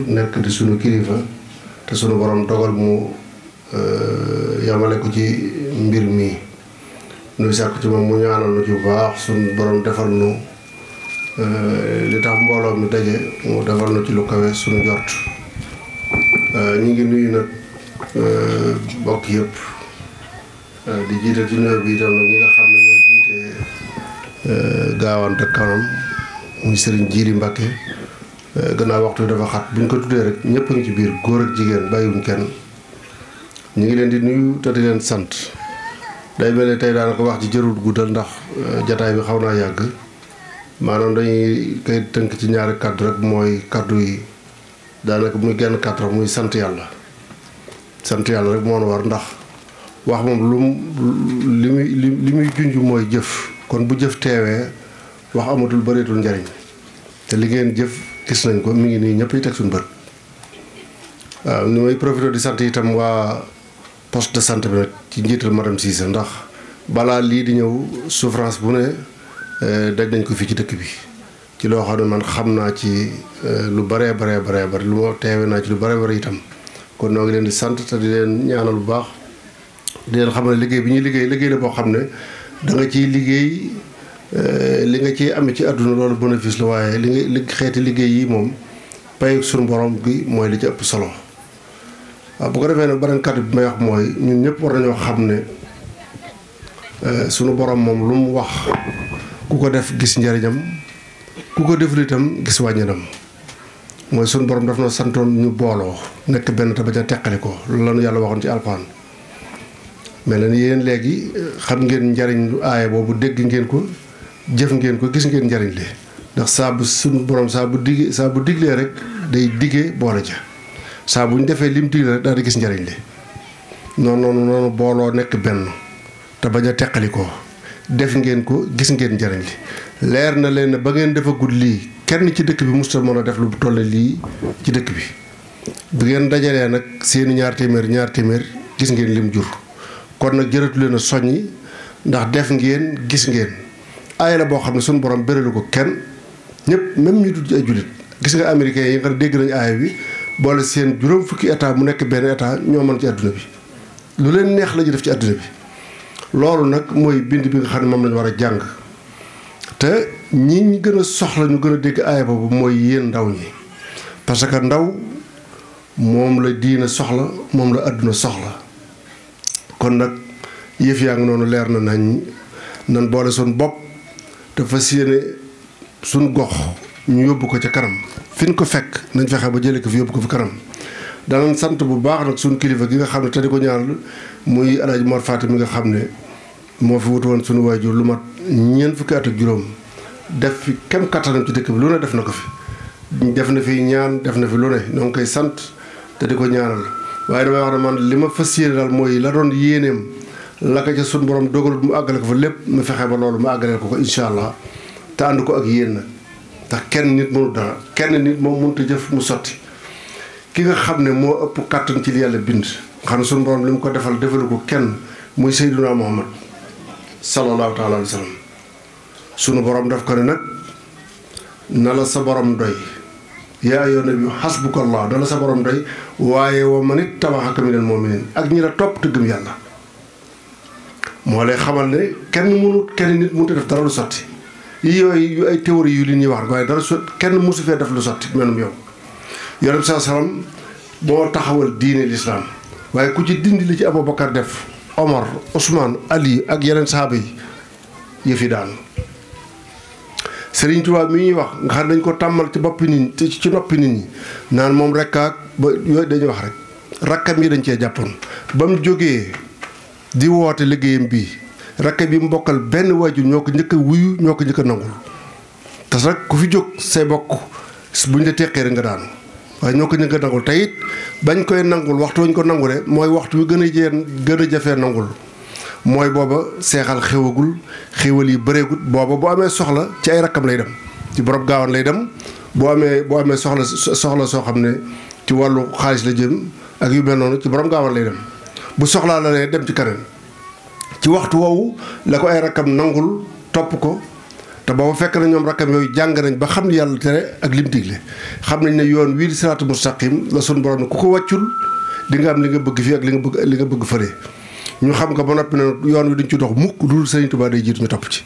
nekk di sunu kilifa te sunu borom dogal mu euh, yamale ko ci mbir mi nuy sàkk ci moom mu ñaanal nu ci bu baax sunu borom defal nu euh, li tax mbooloo mi daje mu defal nu ci lu kawe sunu jort euh, ñu ngi nuyu nag bokk yëpp Euh, di jiite dundal bi itam nag ñi nga xam ne ñoo jiite euh, gaawante kanam muy Serigne Jiiri Mbacke euh, gannaaw waxtu buñ ko tuddee rek ñëpp ci biir góor ak jigéen bàyyiwuñ kenn ñu ngi leen di nuyu te di leen sant day mel tey daanaka wax ci jërul guddal ndax jataay bi xaw naa yàgg maanaam dañuy koy tënk ci ñaari kàddu rek mooy kàddu yi daanaka muy genn kàddu muy sant yàlla sant yàlla rek moo war ndax. wax moom lu li muy li muy junj mooy jëf kon bu jëf teewee wax amatul bëreetul njariñ te li ngeen jëf gis nañ ko mu ngi nii ñëpp yi teg suñu bët waaw ni may profité di sant itam waa poste de santé bi nag ci njiital madame Cissé ndax balaa lii di ñëw souffrance bu ne eh, daj nañ ko fii ci dëkk bi ci loo xam ne man xam naa ci eh, lu baree baree baree bari lu ma teewe naa ci lu bare bari itam kon noo leen di sant te di leen ñaanal bu baax di leen xam ne liggéey bi ñu liggéey liggéey la boo xam ne danga nga ciy liggéey euh, li nga ciy amee ci àdduna loolu bénéfice la waaye li nga xeeti liggéey yi moom payu sunu boroom bi mooy li ci ëpp solo bu ko defee nag beneen kàddu bi may wax mooy ñun ñëpp war nañoo xam ne euh, suñu borom moom lu mu wax ku ko def gis njariñam ku ko deful itam gis wàññinam mooy sunu borom daf na santoon ñu booloo nekk benn te ba ca teqali ko loolu la ñu yàlla waxoon ci alxuraan mel na ni yéen léegi xam ngeen njariñ lu aaya boobu dégg ngeen ko jëf ngeen ko gis ngeen njariñ li ndax saa bu suñu borom saa bu digee saa bu diglee rek day digee boole ca saa bu ñu defee lim digle rek daal di gis njariñ li noonu noonu noonu booloo nekk benn te bañ a teqali ko def ngeen ko gis ngeen njariñ li leer na leen ba ngeen defagul lii kenn ci dëkk bi musta mën a def lu toll lii ci dëkk bi bu ngeen dajalee nag seeni ñaar téeméer ñaar téeméer gis ngeen lim jur kon nag jërëtu leen a soññi ndax def ngeen gis ngeen aaya la boo xam ne suñ borom béralu ko kenn ñëpp même ñu dul ay jullit gis nga américains yi nga dégg nañu aaya bi boole seen juróom fukki état mu nekk benn état ñoo mën ci àdduna bi lu leen neex la def ci àdduna bi loolu nag mooy bind bi nga xam ne moom lañu war a jàng te ñi ñu gën a soxla ñu gën a dégg aaya boobu mooy yéen ndaw ñi parce que ndaw moom la diina soxla moom la àdduna soxla kon nag yëf yaa ngi noonu leer na nañ nan boole suñ bopp te fas yéene suñ gox ñu yóbbu ko ca kanam fi ñu ko fekk nañ fexe ba jëlee ko fi yóbbu ko fi kanam danañ sant bu baax nag suñ kilifa gi nga xam ne te di ko ñaar muy El Hadj Mor mi nga xam ne moo fi wutu woon suñu waajur lu mat ñeent fukki at ak juróom def fi kem kattanam ci dëkk bi lu ne def na ko fi def na fi ñaan def na fi lu ne ñoo koy sant te di ko ñaanal waaye damay wax ne man li ma fas yéene daal mooy la doon yéeneem la ko ca suñu borom dogalut mu àggale ko fa lépp mu fexe ba loolu ma àggaleel ko ko incha allah te ànd ko ak yéen na ndax kenn nit mënu dara kenn nit moom mënut a jëf mu sotti ki nga xam ne moo ëpp kàttan ci li yàlla bind. xam ne suñu borom li mu ko defal defalu ko kenn muy Seydina Muhammad sallallahu taala alayhi wa sallam sunu borom daf ko ne nag na la sa borom doy. yaa yoon nabi xasbuka allah dana sa borom doy waaye wa man leen moom mu'minin ak ñi la topp te gëm yàlla. moo lay xamal ne kenn mënu kenn nit mënut a def dara lu sotti yooyu yu ay théorie yu li ñuy wax waaye dara sotti kenn mësu fee def lu sotti menum yow. yonent bi saa salaam moo taxawal diine lislaam waaye ku ci dindi li ci Abubakar def Omar Ousmane Ali ak yeneen saaba yi yëf yi daanu. Serigne Touba mi ñuy wax nga xam dañ ko tàmmal ci boppi nit ñi ci noppi nit ñi naan moom rek ak ba yooyu dañuy wax rek rakkam yi dañ cee jàppoon. ba mu jógee di woote liggéeyam bii rakkam yi mu bokkal benn waajur ñoo ko njëkk a wuyu ñoo ko njëkk a nangul te rek ku fi jóg say bokk buñ la teqee rek nga daan waaye ñoo ko njëkk a nangul te bañ koy nangul waxtu wañ ko nangu nangule mooy waxtu wi gën a jee gën a jafee nangul. mooy booba seexal xewagul xewal yi bëreegut booba bu amee soxla ci ay rakkam lay dem ci borom gaawaan lay dem boo amee boo amee soxla soo xam ne ci wàllu xaalis la jëm ak yu mel noonu ci borom gaawaan lay dem bu soxlaa la lee dem ci kaneen ci waxtu woowu la ko ay rakkam nangul topp ko te booba fekk na ñoom rakkam yooyu jàng nañ ba xam ne yàlla tere ak lim digle xam nañ ne yoon wii di siraatu mustaqim la sun borom ne ku ko wàccul di nga am li nga bëgg fii ak bëgg li nga bëgg fële ñu xam nga ba noppi ne yoon wi duñ ci dox mukk lu dul Sëriñ Tuubaa day jiituñu topp ci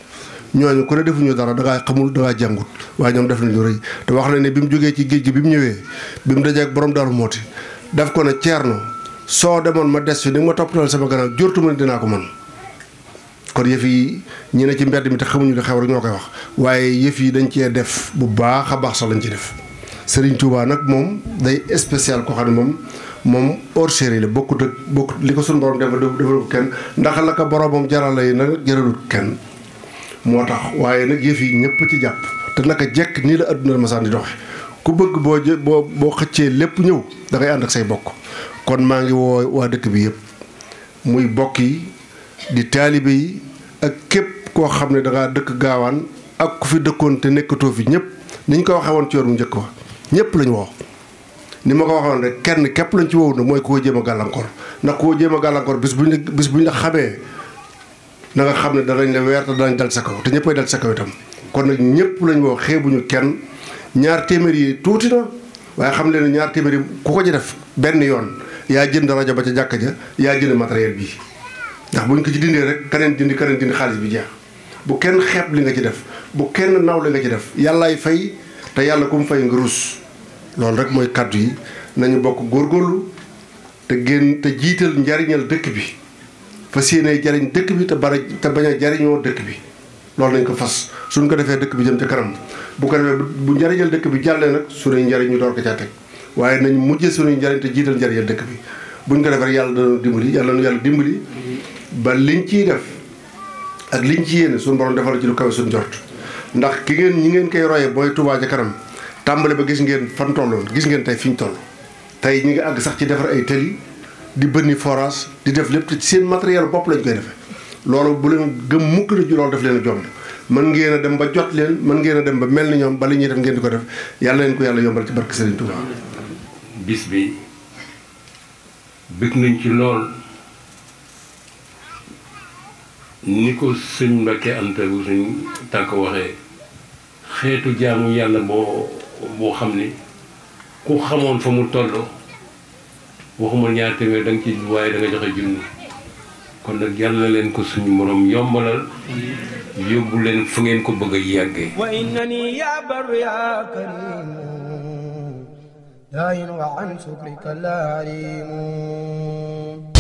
ñooñu ku defuñu dara da xamul da ngaa jàngut ñoom def nañ lu rëy te wax na ne bi mu jógee ci géej gi bi mu ñëwee bi mu dajeek boroom daalu Daaru Mooti daf ko ne na soo demoon ma des fi ni ma toppatoo sama gannaaw jortuma ne dinaa ko mën kon yëf yi ñi ne ci mbedd mi te xamuñu li xew rek ñoo koy wax waaye yëf yi dañ cee def bu baax a baax sax lañ ci def Sëriñ Tuubaa nag moom day spécial ko xam ne moom moom hors série la bokkut ak bokkut li ko suñu borom defal defalul kenn ndax la ko boromam jaral la yi nag jaralut kenn moo tax waaye nag yëf yi ñëpp ci jàpp te naka jekk nii la adduna masaan di doxe ku bëgg boo jë boo boo xëccee lépp ñëw da ànd ak say bokk kon maa ngi woo waa dëkk bi yëpp muy bokk yi di taalibe yi ak képp koo xam ne dangaa dëkk gaawaan ak ku fi dëkkoon te nekkatoo fi ñëpp niñ ko waxee woon ci yoon mu njëkk wa ñëpp lañu woo ni ma ko waxoon rek kenn képp lañ ci woowu na mooy koo jéem a gàllankoor ndax koo jéem a gàllankoor bis buñ la bis buñ la xamee na xam ne danañ la weer te danañ dal sa kaw te ñëppay dal sa kaw itam. kon nag ñëpp lañu woo xeebuñu kenn ñaar téeméer yi tuuti na waaye xam leen ne ñaar téeméer yi ku ko ci def benn yoon yaa jënd rajo ba ca jàkka ja yaa jënd matériel bii ndax buñ ko ci dindee rek keneen dindi keneen dindi xaalis bi jeex bu kenn xeeb li nga ci def bu kenn naw li nga ci def yàllaay fay te yàlla ku mu fay nga loolu rek mooy kàddu yi nañu bokk góor góorgóorlu te génn te jiital njariñal dëkk bi fas yéene jariñ dëkk bi te bara te bañ a jariñoo dëkk bi loolu nañ ko fas suñ ko defee dëkk bi jëm ca kanam bu ko defee bu njariñal dëkk bi jàllee nag suñuy njariñ ñu door ko caa teg waaye nañ mujjee suñuy njariñ jiital njariñal dëkk bi buñ ko defee rek yàlla dana dimbali yàlla nu yàlla li ba liñ ciy def ak liñ ci yéene suñu borom defal ci lu kawe suñu jort ndax ki ngeen ñi ngeen koy royee booy Touba ca kanam tàmbale ba gis ngeen fan tolloon gis ngeen tey fi ñu toll tey ñu ngi àgg sax ci defar ay tëli di bënni forage di def lépp ci seen matériel bopp lañ koy defee loolu bu leen gëm mukk na ju def leen a jomb mën ngeen a dem ba jot leen mën ngeen a dem ba mel ni ñoom bala ñuy def ngeen di ko def yàlla leen ko yàlla yombal ci barke Serigne Touba. bis bi bëgg nañ ci lool ni ko sëñ Mbacke Anta bu suñ tànk waxee xeetu jaamu yàlla boo. boo xam ni ku xamoon fa mu toll waxuma ñaar téeméer da ci waaye da nga joxe junni kon nag yàlla leen ko suñu morom yombalal yóbbu leen fu ngeen ko bëgg a yàggee. wa innani ya barru ya karim daayin wa an sukrika laarim